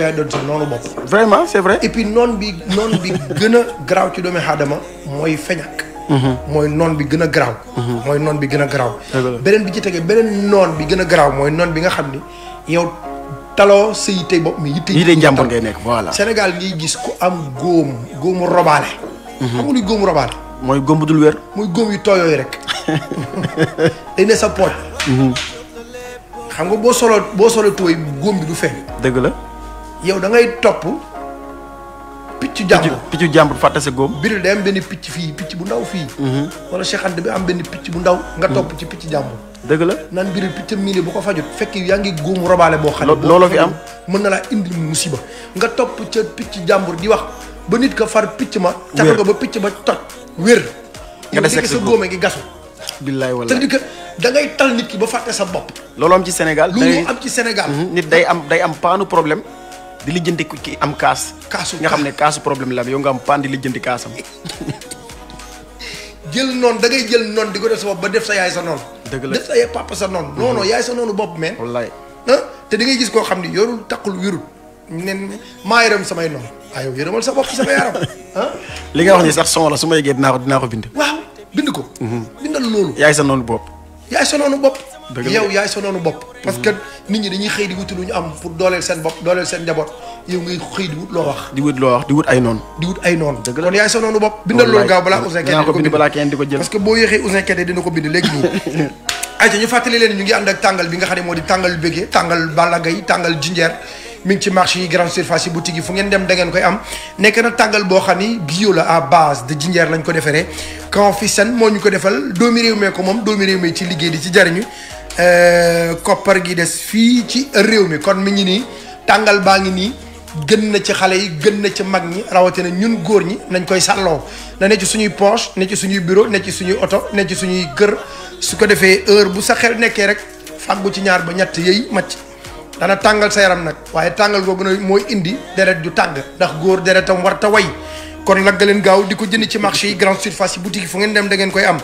vraiment c'est vrai. et puis non bi non bi gëna graw ci doomi moy feñak. qui mhm. non bi gëna graw mhm. bi gëna graw benen bi ci tege benen non bi bi nga Talo seyité bop mi yité yité njàmbur ngay nek voilà sénégal ngi gis ku am gom, gomu robalé amul gomu góomu moy mhm. mooy dul wer moy gom yu toyo rek day ne sa pooj mhm. xam nga bo solo bo solo toy gom bi du feeñ deug la yow da ngay top piccu jambour piccu jambour fàtte sa gom biri dem am benn fi pitch bu ndaw mhm. wala Cheikh Anta bi am ben picc bu ndaw nga top ci jambour dëgg la naan mbiri picc miine bu ko fajut fekk yaa ngi góom fi am mën na laa indil musiba nga topp ca diwah. jàmbur di wax ba nit ko far picc ma cafe ko ba picc ba toj wér nga des sa góome gi gasu billaay wala cest à da ngay tal nit ki ba fàtte sa bopp loolu am ci Senegal. loolu am ci Sénégal mhm, nit day am day am paanu problème di lijjanti ki am kaas kaasu nga xam problème la am nga am paan di lijjanti kaasam jël noonu da ngay jël noonu di def sa bopp ba def sa yaay sa dëgg la def na yee papa sa non non mhm. yaay sa noonu bopp meen. te da ngay gis koo xam ni yorul takkul wirul. nen maa yërëm samay noonu. ah yow yërëmal sa bopp ci sama yaram ah. li nga wax ni sax son la su ma yeggee dinaa ko dinaa ko bind. waaw bind ko. Mhm. loolu. yaay sa noonu bopp. yaay sa noonu bopp. yow yaay sa noonu bopp mm-hmm. parce que nit ñi dañuy xëy di wuti lu ñu am pour dooleel seen bopp dooleel seen njaboot yow ngay xëy wut loo wax di wut ay noonu di wut ay noonu kon yaay sa noonu bopp bindal loolu gaaw balaa Ouzin Keita di ko jël parce que boo yéexee Ouzin Keita dina ko bind léegi nii ayca ñu fàttali leen ñu ngi ànd ak tàngal bi nga xam ne moo di tàngal bégee tàngal ballagay tàngal jinjeer mi ci marché yi grande surface yi boutique yi fu ngeen dem da ngeen koy am nekk na tàngal boo xam ni bio la à base de jinjeer lañ ko defaree kan fi sen ñu ko defal doomi réew moom doomi ci liggéey di ci jariñu Euh, koppar gi des fii ci réew mi kon mi ngi nii tàngal baa ngi nii gën na ci xale yi gën na ci mag ñi rawatina ñun góor ñi nañ koy sàlloo na ne ci suñuy poche ne ci suñuy bureau ne ci suñuy oto ne suñuy kër su ko defee heure bu sa nekkee rek fàggu ci ñaar ba ñett yëy macc dana tàngal sa yaram nag waaye tàngal googu nag mooy indi deret ju tàgg ndax góor deretam war ta way kon lagga gaaw di ko jënd ci marché yi grande surface yi boutique yi fu ngeen dem da ngeen koy am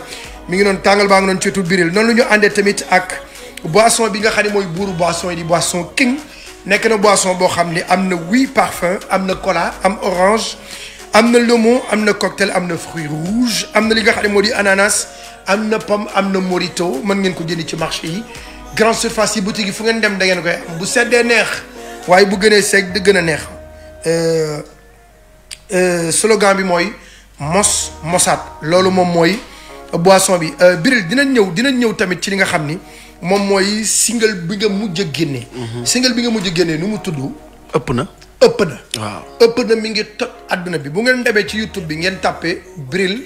mi ngi noonu tàngal baa ngi noonu ceetul biril noonu la ñu àndee tamit ak boisson bi nga xam ne mooy buuru boisson yi di boisson king nekk na boisson boo xam ne am na huit parfum am na cola am orange am na lemon am na cocktail am na fruit rouge am na li nga xam ne moo di ananas am na pomme am na morito mën ngeen ko jënd ci marché yi grande surface yi boutique yi fu ngeen dem da ngeen koy am bu seddee neex waaye bu gënee seeg di gën a neex euh, Euh, slogan bi mooy mos mosaat loolu moom mooy boisson bi euh, Biril dinañ ñëw dinañ ñëw tamit ci li nga xam ni moom mooy single bi nga mujj a génne. Mhm. single bi nga mujj a génne nu mu tudd. ëpp na ëpp na. waaw ëpp na mi ngi toj àdduna bi bu ngeen demee ci YouTube bi ngeen tàppee Biril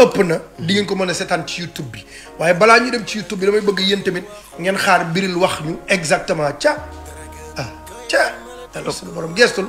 ëpp na mhm. di ngeen ko mën a seetaan ci YouTube bi waaye balaa ñu dem ci YouTube bi damay bëgg yéen tamit ngeen xaar Biril wax ñu exactement ca ah ca. ëpp borom gestul.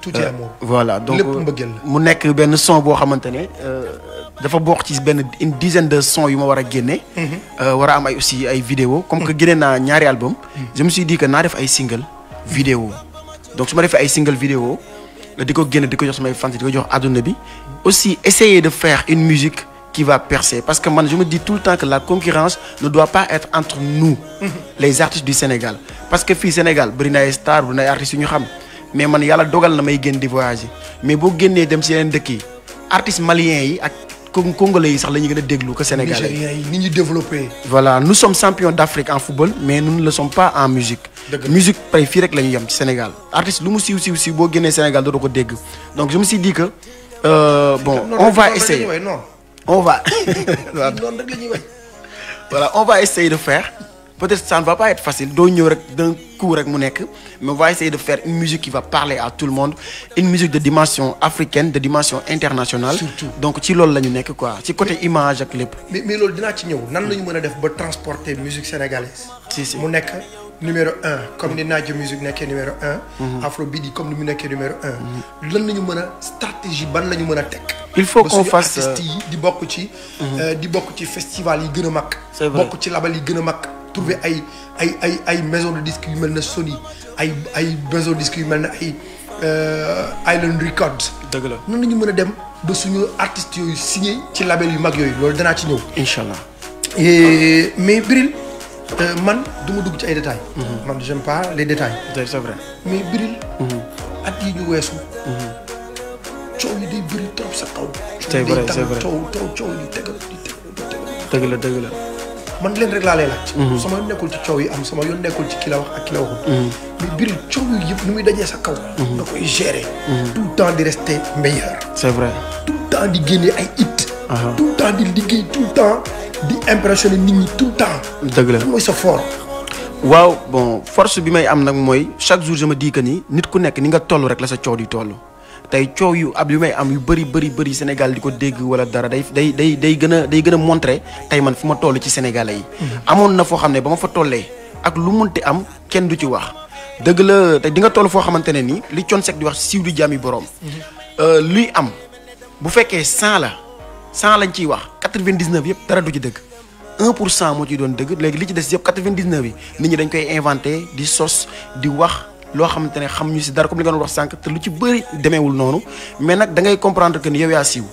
tout à euh, amour voilà donc mu nek ben son bo xamantene euh dafa bok ci ben une dizaine de sons yuma ma war a génne. Mhm. Euh, am ay aussi ay vidéo comme que mhm. génne un ñaari album. Mhm. je me suis dit que na def ay single. vidéo donc suma def ay single vidéo le diko guenné diko jox samay fans diko jox aduna bi. aussi essayer de faire une musique qui va percer parce que je me dis tout le temps que la concurrence ne doit pas être entre nous. les artistes du Sénégal parce que fi Sénégal Brina est star stars artiste ñu xam mais man yalla dogal na may génn di voyager mais bo génnee dem si yeneen dëkk yi artistes maliens yi ak congolais yi sax lañu ñu gën a déglu sénégalais ni ñu développé. voilà nous sommes champions d'Afrique en football mais nous ne le sommes pas en musique. musique pay fii rek la ñu ci Sénégal. artiste lu mu siw siw siiw boo génnee Sénégal dootoo ko dégg donc je me suis dit que euh, bon on va essayer on va. voilà on va essayer de faire peut-être ça ne va pas être facile doo rek d'un coup rek mu nekk mais on va essayer de faire une musique qui va parler à tout le monde une musique de dimension africaine de dimension internationale. surtout donc ci loolu la nekk quoi ci côté image ak clip. mais mais loolu dinaa ci ñëw nan la ñu a def ba transporter musique sénégalaise. si si mu nekk. numéro un comme ni Nadio Musique nekkee numéro un. Mhm. Afrobeat yi comme ni mu numéro un. Mhm. lan la ñu a stratégie ban la ñu mën a teg. il faut qu'on fasse artistes yi di bokk ci. Mhm. Euh, di bokk ci festival yi gën a mag. ci label yi gën a trouver ay ay ay ay maison de disque yu mel ne Sony ay ay maison de disque yu mel ne ay euh, Island Records. dëgg la noonu ñu mën a dem ba suñu artiste yooyu signé ci label yu mag yooyu loolu danaa ci ñëw. incha allah mais euh, man du ma dugg ci ay détails. Mhm. man j'aime pas les détails. c'est vrai mais Bril. Mhm. at yi ñu weesu. Mhm. coow yi day bëri trop sa kaw. c'est vrai c'est vrai coow coow coow yi tegal di tegal di tegal. dëgg la dëgg la man leen rek laa lay laaj. sama yoon nekkul ci coow yi am sama yoon nekkul ci ki la wax ak ki la waxul. Mm-hmm. mais biir coow yu yëpp nu muy dajee sa kaw. Mm-hmm. da koy gérer. Mm-hmm. tout temps di rester meilleur. c'est vrai tout temps di génne ay it. Uh-huh. tout temps di liggéey tout temps di impressionner nit ñi tout temps. dëgg la mooy sa fort. waaw bon force bi may am nag mooy chaque jour je me dis que ni nit ku nekk ni nga toll rek la sa coow di toll. tay coow yu ab yu may am yu bëri Senegal, bëri senegal di ko dégg wala dara day day day day gëna day gëna montrer tay man fuma tollu ci Sénégalais yi. Mhm. amon na fo xam ne fa tollé ak lu munti am kenn du ci wax. deug la tay di nga toll fo xamantene ni li cion sek di wax siiw du borom mhm. euh luy am bu fekke 100 la 100 lañ ci wax 99 yep dara du ci deug 1 mo ci doon deug léegi li ci dess yep 99 yi nit ñi dañ koy inventer di sos di wax. loo xamante ne xam ñu si dara comme li nga doon wax sànq te lu ci bëri demeewul noonu mais nag da ngay comprendre que ni yow yaa siiw.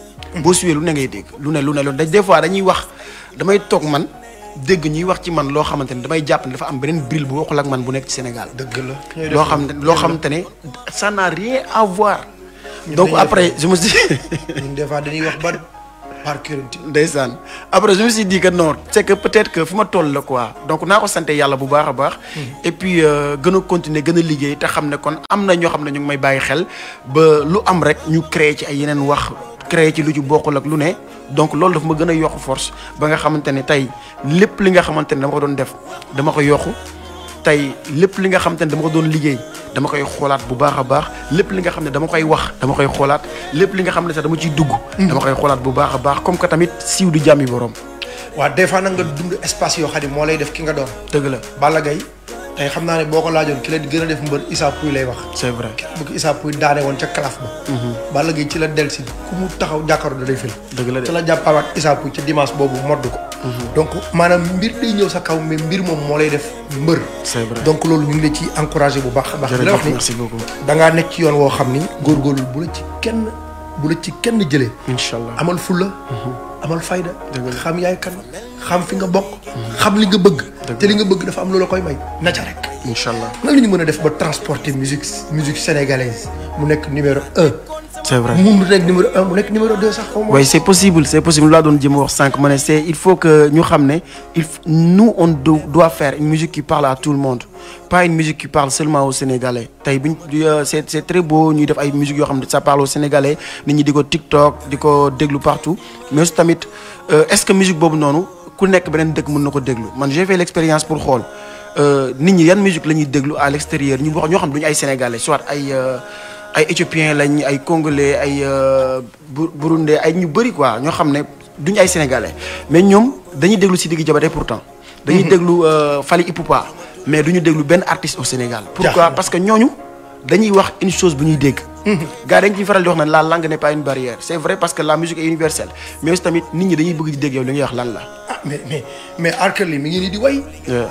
boo siwee lu ne ngay dégg lu ne lu ne loolu des fois dañuy wax toog man dégg ñuy wax ci man loo xamante ne damay jàpp ne dafa am beneen bril bu waxul ak man bu nekk ci Sénégal. dëgg la loo xam ne loo xamante ne ça n'a rien à voir. donc après je me dis. ñun des fois dañuy par curiosité ndeysaan après je me suis dit que non c' que peut être que fu ma toll la quoi donc naa ko sant yàlla bu baax a baax. Mm. et puis euh, gën a continuer gën a liggéey te xam ne kon am na ñoo xam ne ñu ngi may bàyyi xel ba lu am rek ñu créer ci ay yeneen wax. créer ci lu ci bokkul ak lu ne donc loolu daf ma gën a yokk force ba nga xamante ne tey lépp li nga xamante ne dama ko doon def dama ko yokk tey lépp li nga xam te ne dama ko doon liggéey dama koy xoolaat bu baax a baax lépp li nga xam ne dama koy wax dama koy xoolaat lépp li nga xam ne sax dama ciy dugg. Mm. dama koy xoolaat bu baax a baax comme que tamit siiw du jàmmi borom. waaw des fois nag nga dund espace yoo xam ne moo lay def ki nga doon. dëgg la Balla gay tey xam naa ne boo ko laajoon ki la gën a def mbër Issa Pouye lay wax. c'est bu ko Issa Pouye daane woon ca calaf ba. Mhm. Balla Gaye ci la del si ku mu taxaw jàkkaarloo da day fil. dëgg la de ci la jàppaawaat Issa ca dimanche boobu modd ko. Mhm. donc maanaam mbir day ñëw sa kaw mais mbir moom moo lay def mbër. c'est vrai donc loolu ñu ngi la ci encouragé bu baax. baax di la wax ni da nekk ci yoon woo xam ni. góorgóorlu bu la ci kenn bu la ci kenn jëlee. incha allah amal fulla mhm. amal fayda. xam yaay xam fi nga bokk. xam li nga bëgg. te li nga bëgg dafa am loola koy may na ca rek. inshallah allah tu ñu mën a def ba transporter musique musique sénégalaise mu nekk numéro 1 c'est vrai mu rek numéro 1 mu nekk numéro 2 sax. oui c'est possible c'est possible la doon jëm wax sànq c'est il faut que ñu xam ne nous on doit faire une musique qui parle à tout le monde pas une musique qui parle seulement aux Sénégalais tey buñ euh, c'est très beau ñuy def ay musique yoo xam ça parle aux Sénégalais nit ñi di ko TikTok di ko déglu partout mais aussi tamit euh, est-ce que musique boobu noonu ku nekk beneen dëkk mën na ko déglu man j'ai fait l'expérience pour xool euh, nit ñi yan musique la ñuy à l'extérieur ñu wax ñoo xam duñu ay sénégalais soit ay euh, ay éthiopiens lañ ay congolais ay euh, burundais ay ñu bëri quoi ñoo xam ne duñu ay sénégalais mais ñoom dañuy déglu Sidiki Diabaté pourtant. dañuy mm-hmm. déglu Fally Ipupa mais duñu déglu ben artiste au Sénégal. pourquoi parce que ñooñu dañuy wax une chose bu ñuy dégg. gars dañ ciy faral di wax naan la langue n'est pas une barrière c'est vrai parce que la musique est universelle mais aussi tamit nit ñi dañuy bëgg di dégg yow li ngay wax lan la. ah mais mais mais R. mi ngi nii di way.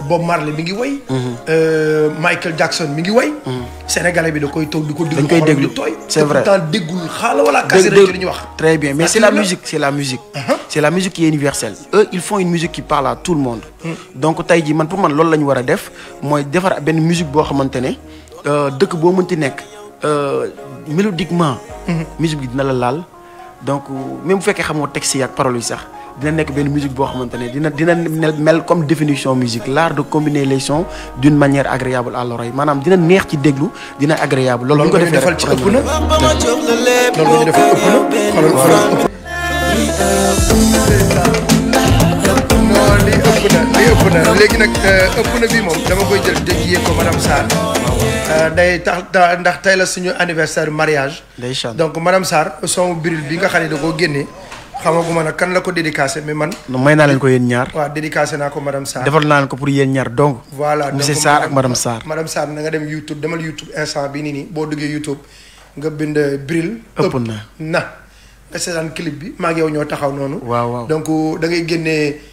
Bob Marley mi ngi way. Mm-hmm. Euh, Michael Jackson mi ngi way. Mm-hmm. Sénégalais bi da koy toog di ko déglu. dañ koy déglu c'est vrai te pourtant déggul xaala wala kase rek li ñuy wax. très bien mais c'est la musique c'est la musique. Uh-huh. c'est la musique qui est universelle. eux ils font une musique qui parle à tout le monde. Mm. donc tey jii man pour man loolu la ñu war a def mooy defar benn musique boo xamante ne. Euh, dëkk boo mënti nekk euh, mélodiquement. Mhm. musique bi dina la laal donc même bu fekkee xamoo texte yi ak paroles yi sax dina nekk benn musique boo xamante ne dina dina mel comme définition musique l'art de combiner les sons d'une manière agréable à l'oreille maanaam dina neex ci déglu dina agréable. loolu bu ñu ko defee rek ëpp na loolu bu ñu defal ci na. li ëpp na li ëpp na léegi nag euh, ëpp na bi moom dama koy jël dédié ko madame Sarr euh, day tax ndax tey la suñu anniversaire mariage donc madame Sarr son biril bi nga xam ne da koo génnee xamaguma nag kan la ko dédicacé mais man may naa leen ko yéen ñaar waaw dédicacé naa ko madame Sarr defal naa leen ko pour yéen ñaar donc voilà monsieur Sarr ak madame Sarr madame Sarr na nga dem YouTube demal YouTube instant bi nii nii boo duggee YouTube nga bind bril ëpp na na nga seetaan clip bi maa ngi yow ñoo taxaw noonu waaw waaw donc euh, da ngay génnee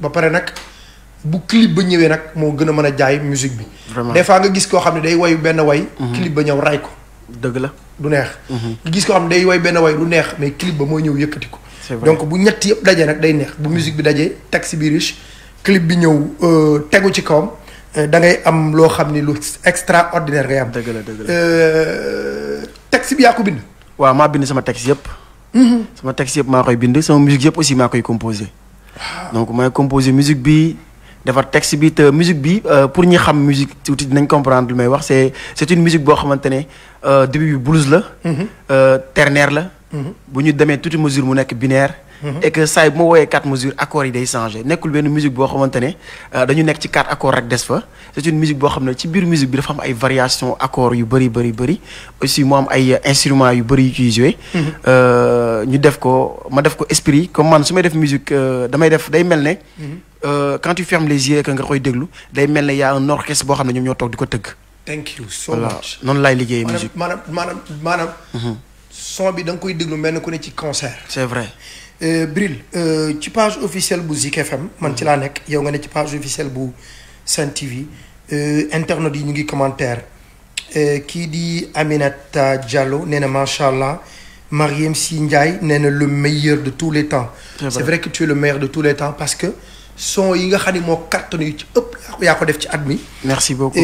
ba pare nak bu clip ba ñëwé nak mo gëna mëna jaay musique bi. des fois nga gis ko xam day wayu ben way. Mhm. clip ba ñëw ray ko. dëgg la du neex. Mhm. nga gis ko xam day way ben way du neex mais clip ba mooy ñëw yëkëti ko. donc bu ñett yëp dajé nak day neex bu musique bi dajé taxi bi riche clip bi ñëw euh, tegu ci kawam euh, da ngay am lo xamni lu extraordinaire ngay am. deug la deug la euh, taxi bi ya ko bind. wa ma bind sama taxi yëpp. Mhm. sama taxi yëpp ma koy bind sama musique yëpp aussi ma koy composer donc moi composé musique bi d'avoir texte bi te musique bi euh, pour ñi xam musique tout dinañ comprendre lu may wax c'est c'est une musique bo xamantene euh début bi blues la. Mm-hmm. Euh, ternaire la bu ñu demee tuuti mesure mu nekk binaire. Mhm. et que ça yi bu ma quatre mesures accord yi day changé nekkul benn musique boo xamante ne euh, dañu nekk ci quatre accords rek des c'est une musique boo xam ne ci biir musique bi dafa am ay variations accords yu bëri bëri bëri aussi mu am ay instruments yu bëri yu ciy joué. Mhm. Euh, ñu def ko ma def ko esprit comme man su may def musique euh, damay def day mel ne. Mhm. quand tu fermes les yeux que nga koy déglu day mel il y a un orchestre boo xam ne ñoom ñoo toog di ko thank you so much noonu laay liggéeyee musique maanaam maanaam maanaam son bi dang koy déglu mel ko ne ci concert. c'est vrai. Euh, Bril euh, ci page officielle bu Zik FM man ci la nek yow nga ne ci page officielle bu Saint TV euh, internet yi ngi commentaire qui dit Aminata Diallo n'est machallah Mariem allah Mariam le meilleur de tous les temps. c'est vrai que tu es le meilleur de tous les temps parce que son yi nga xam ne carton yu ci ëpp yaa ko def ci at merci beaucoup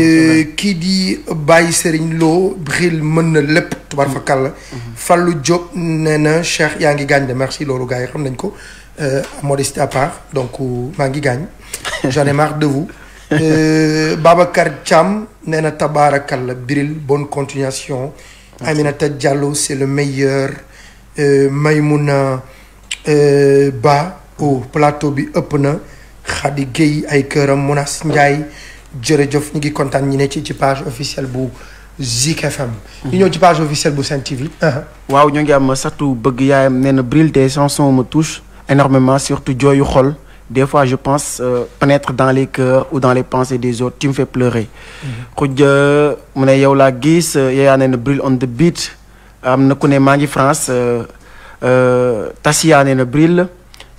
Qui dit Baye Serigne Lo Bril mën na lépp. tubarfakalla. Mm-hmm. Mm-hmm. Fallou Diop nee na Cheikh yaa ngi merci loolu gars yi xam nañ ko euh, à part donc euh, maa ngi gaañ. j'en ai marre de vous. Euh, Babacar Cham nee na Bril bonne continuation. Aminata Diallo c'est le meilleur. Maymouna Ba. au oh, plateau bi ëpp Khadi Guèye ay keuram Monas Ndiaye jërëjëf ñi ngi contane ñi ne ci ci page officielle bu Zik FM. ñu ñëw ci page officielle bu saint TV. waaw ñoo ngi am Satou bëgg yaayam nee Bril des chansons me touche énormément surtout joyu xol des fois je pense euh, pénétrer dans les cœurs ou dans les pensées des autres tu me fais pleurer. xuj mhm. mu ne yow la gis euh, yaa nee na Bril on the beat am na ku ne maa ngi France euh, Tassia nee na brûle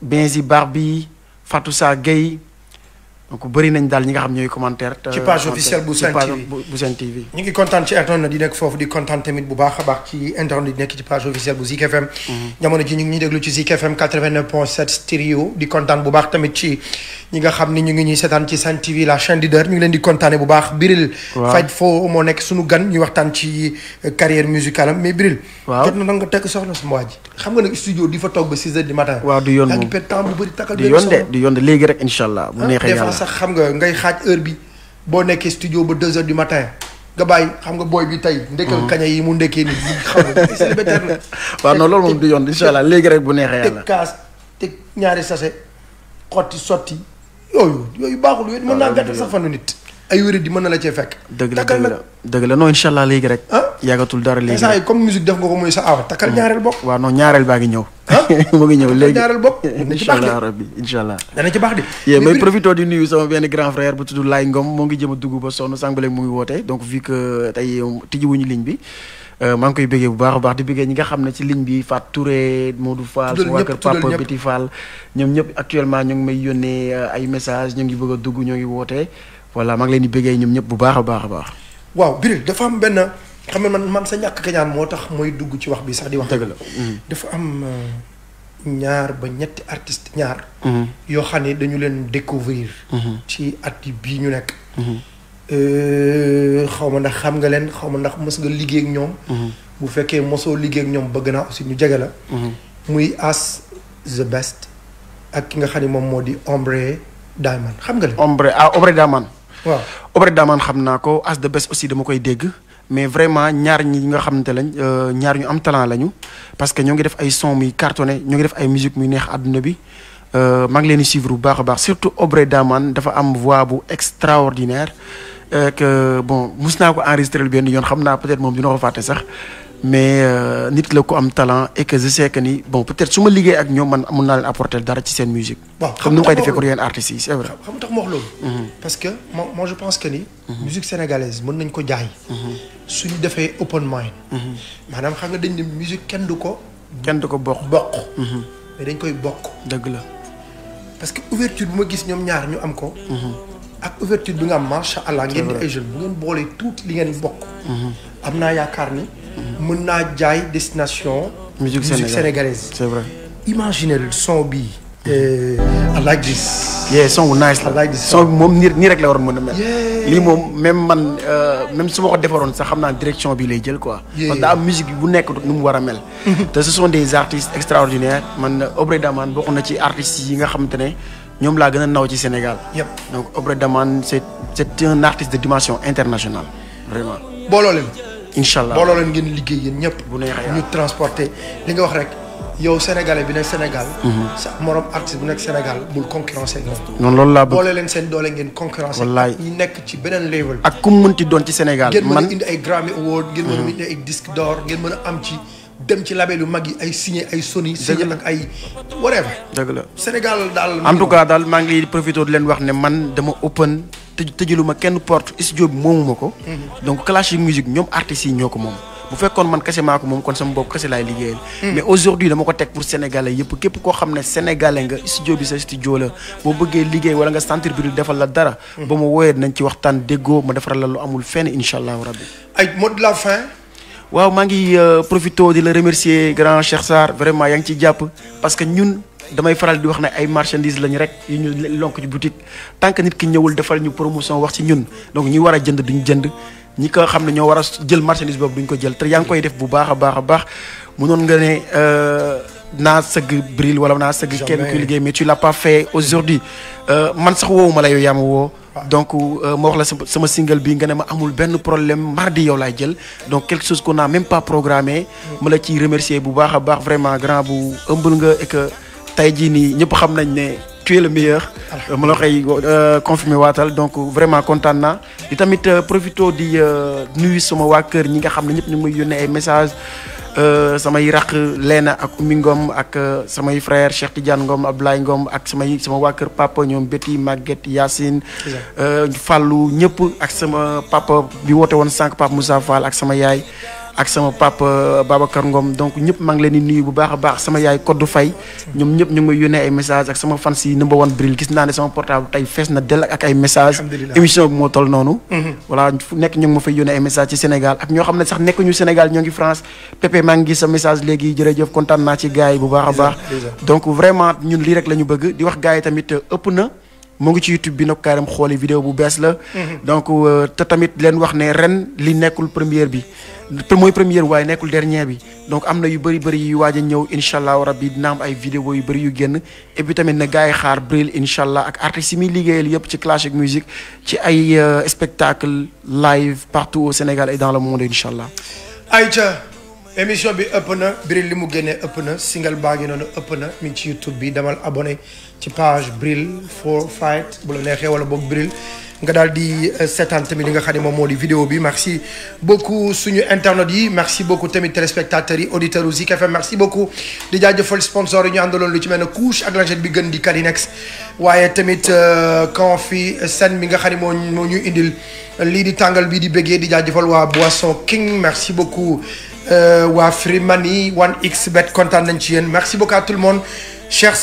Benzi Barbi Fatoussa Gueye donc bari nañ daal ñi nga xam ñooy commentaire ci page officielle bu Sen TV bu Sen TV ngi content ci di nekk foofu di content tamit bu baax baax ci internet di nekk ci page officielle bu Zik FM mhm. jamono ji ñu ngi ñuy ci Zik FM 89.7 di content bu baax tamit ci ñi nga xam ni ñu ngi ñuy seetaan ci Sen TV la chaîne leader ñu ngi leen di kontaane bu baax Biril Faj Fo moo nek sunu gan ñuy waxtaan ci euh, carrière musicale mais Biril jot na nga tekk soxna sama waa ji xam nga studio di fa toog ba 6 du matin waaw du yoon temps bu takal du yoon de du yoon de rek inshallah bu ah, sax xam nga ngay xaaj heure bi boo nekkee studio ba deux heures du matin nga bàyyi xam nga booy bi tey. ndekkal mm-hmm. kaña yi mu ndekkee nii xam nga célibataire la. waaw non loolu moom du yoon incha allah léegi rek bu neexee yàlla. teg kaas teg ñaari sachet xotti sotti yooyu yooyu baaxul yooyu mën naa gàttal sax fanu nit. ay wér di mën na la cee fekk. dëgg la dëgg léegi rek. ah yàggatul dara léegi rek sa awa takkal ñaareel bopp. waaw non ñaareel baa ngi ñëw. Ah? mu ngi ñëw léegi ñaareel bopp. incha allah rabbi incha allah. dana ci baax de. yéen may profité di nuyu sama benn grand frère bu tudd Laay Ngom moo ngi jëm a dugg ba sonn sànq léegi mu ngi woote donc vu que tey tijjiwuñu ligne bi. Euh, maa ngi koy bëggee bu baax a baax di bëggee ñi nga xam ne ci ligne bi Fat Touré Modou Fall su waa kër Papa Petit Fall ñoom ñëpp actuellement ñu ngi may yónnee euh, ay message ñoo ngi bëgg dugg ñoo ngi wootee voilà mag leen di bëggee ñoom ñëpp bu baax a baax a baax waaw biril dafa am benn xam nga man man sa ñàkk kañaan moo tax mooy dugg ci wax bi sax di wax dëgg la mm. dafa am euh, ñaar ba ñetti artiste ñaar mm-hmm. yoo xam ne dañu leen découvrir mm-hmm. ci at bi ñu nekk mm-hmm. euh, xaw ma ndax xam nga leen xaw ndax mos nga liggéey ak ñoom bu fekkee mosoo liggéey ak ñoom bëgg aussi ñu jege la muy as the best ak ki nga xam ne moom di ombre diamond xam nga leen ombre ah ombre diamond waaw Obré Daman xamna ko as de bes aussi dama koy dégg. mais vraiment ñaar ñi nga xamante lañ euh, ñaar ñu am talent lañu parce que ñoo ngi def ay son muy cartonné ñoo ngi def ay musique muy neex aduna bi euh mag leen suivre bu baax baax surtout Obré Daman dafa am voix bu extraordinaire euh, que bon musna ko enregistrer bien, yoon xam naa peut-être moom dina ko faté sax mais euh, nit le ko am talent et que je sais que ni bon peut-être su ma liggéey ak ñoom man mun naa leen apporter dara ci seen musique. bon xam nu ma koy defee pour yeneen artistes c'est vrai. xam nga tax ma wax loolu. Mhm. parce que moi je pense que ni. Mhm. musique sénégalaise mën nañ ko jaay. Mhm. suñu defee open mind. maanaam xam nga dañ ne musique kenn du ko. kenn du ko bokk bokk. mais dañ koy bokk. dëgg la. parce que ouverture bu ma gis ñoom ñaar ñu am ko. ak ouverture bi nga am macha allah. ngeen di ay jeunes bu ngeen boolee tuuti li ngeen bokk. am naa ni mën jaay destination. musique sénégalaise c'est vrai. le son bi. I like this. yeah son nice I like this son mom ni ni rek la war mën mel. Li mom même man euh, même su ma ko defaroon sax xam direction bi lay jël quoi. Yeah. que daa am musique bu nek nu mu war mel. te ce sont des artistes extraordinaires man Obrey Daman bokk na ci artistes yi nga xamante ne ñoom la gën naw ci Sénégal. Yep. donc Obrey Daman c'est c'est un artiste de dimension internationale vraiment. booloo leen. Nous ngeen bu ñu transporter li nga wax rek yow sénégalais bi au Sénégal. Mhm. sa morom artiste bu nekk Sénégal concurrencer doole ngeen concurrencer. nekk ci benen level. ak kum ti doon ci Sénégal. man ngeen indi ay Grammy Award. ngeen mhm. disque d'or dem ci label yu mag yi ay signé ay Sony. signé ak ay whatever. dëgg la Sénégal daal. en tout cas daal maa ngi lay profité leen wax ne man dama open tëj tëjaluma kenn porte studio bi moomu ma ko. Mhm. donc clash yi musique ñoom artistes yi ñoo ko moom. bu fekkoon man kese maa moom kon sama bopp kese laay liggéeyal. Mhm. mais aujourd'hui dama ko teg pour sénégalais yëpp képp ko xam ne sénégalais nga studio bi sa studio la boo bëggee liggéey wala nga sentir bi du defal la dara. Mhm. ba ma wooyee nañ ci waxtaan déggoo ma defaral la lu amul fenn incha allahu rabbi. ay mot de la fin. waaw maa ngi euh, profito di la remercier grand Cheikh Sar vraiment yaa ngi ciy jàpp parce que ñun damay faral di wax ne ay marchandises lañ rek yi ñu lonk ci boutique tant que nit ki ñëwul defal ñu promotion wax ci ñun donc ñi war a jënd duñ jënd ñi ko xam ne ñoo war a jël marchandise boobu duñ ko jël te yaa ngi koy def bu baax a baax a baax mënoon nga ne. Euh, n'a sëgg bril wala n'a sëgg kenn mais tu l'as pas fait aujourd'hui euh, man sax woowuma ma donc euh, mo wax la sama single bi nga ne ma amul ben problème mardi yow lay jël donc quelque chose qu'on a même pas programmé ma la ciy remercier bu baax baax vraiment grand bu ëmbal nga et que tey jii nii ñëpp xam nañ né tu es le meilleur ma la koy euh, confirmer watal donc vraiment content na et tamit profito di nuit sama wa kër ñi nga xam ne ñëpp ñu may ay message Euh, samay raq Leena ak Oumy Ngom ak euh, samay frère Cheikh Tidiane Ngom Abdoulaye Ngom ak samay sama waa kër papa ñoom Betty Maguette Yacine. Euh, Fallou ñëpp ak sama papa bi woote woon sànq Pape Moussa Fall ak sama yaay. ak sama papa Babacar Ngom donc nous leen nuyu bu baax baax sama yaay ñu ngi ay message ak sama fans number one bril gis sama portable tay fess na ak ay message émission mo mm-hmm. voilà ñu ma fay ay message ci Sénégal ak ño sax nek ñu Sénégal France ngi sa message avons jërëjëf na ci gaay bu baax baax donc vraiment ñun rek gars tamit euh, ëpp na ngi YouTube bi vidéo bu la mm-hmm. donc euh, tamit ne ren li première bi mooy premier waaye nekul dernier bi donc amna yu bari bari yu waaj ñew inshallah incha rabbi dina am ay vidéo yu bari yu genn et puis tamit na gaay xaar Bril Inshallah, ak artistes mi muy yépp ci classic music ci ay euh, spectacle live partout au Sénégal et dans le monde Inshallah. Aïcha émission bi ëpp na Bril li mu génnee ëpp na single baa nonu noonu ëpp na mi ci YouTube bi demal abonné ci page Bril for fight bu la neexee wala bok Bril nga daal di euh, seetaan tamit li nga moments ne vidéo bi merci beaucoup suñu internautes yi merci beaucoup tamit téléspectateurs et auditeurs aussi Zik fait merci beaucoup déjà de sponsor yi ñu àndaloon lu ci mel le couche ak lingette bi gën di Kalinex waaye tamit quand euh, fi seen bi nga xam ne moo moo ñu indil euh, lii di de bii di Boisson King merci beaucoup wa Free Money 1xBet bet nañ merci beaucoup à tout le monde cher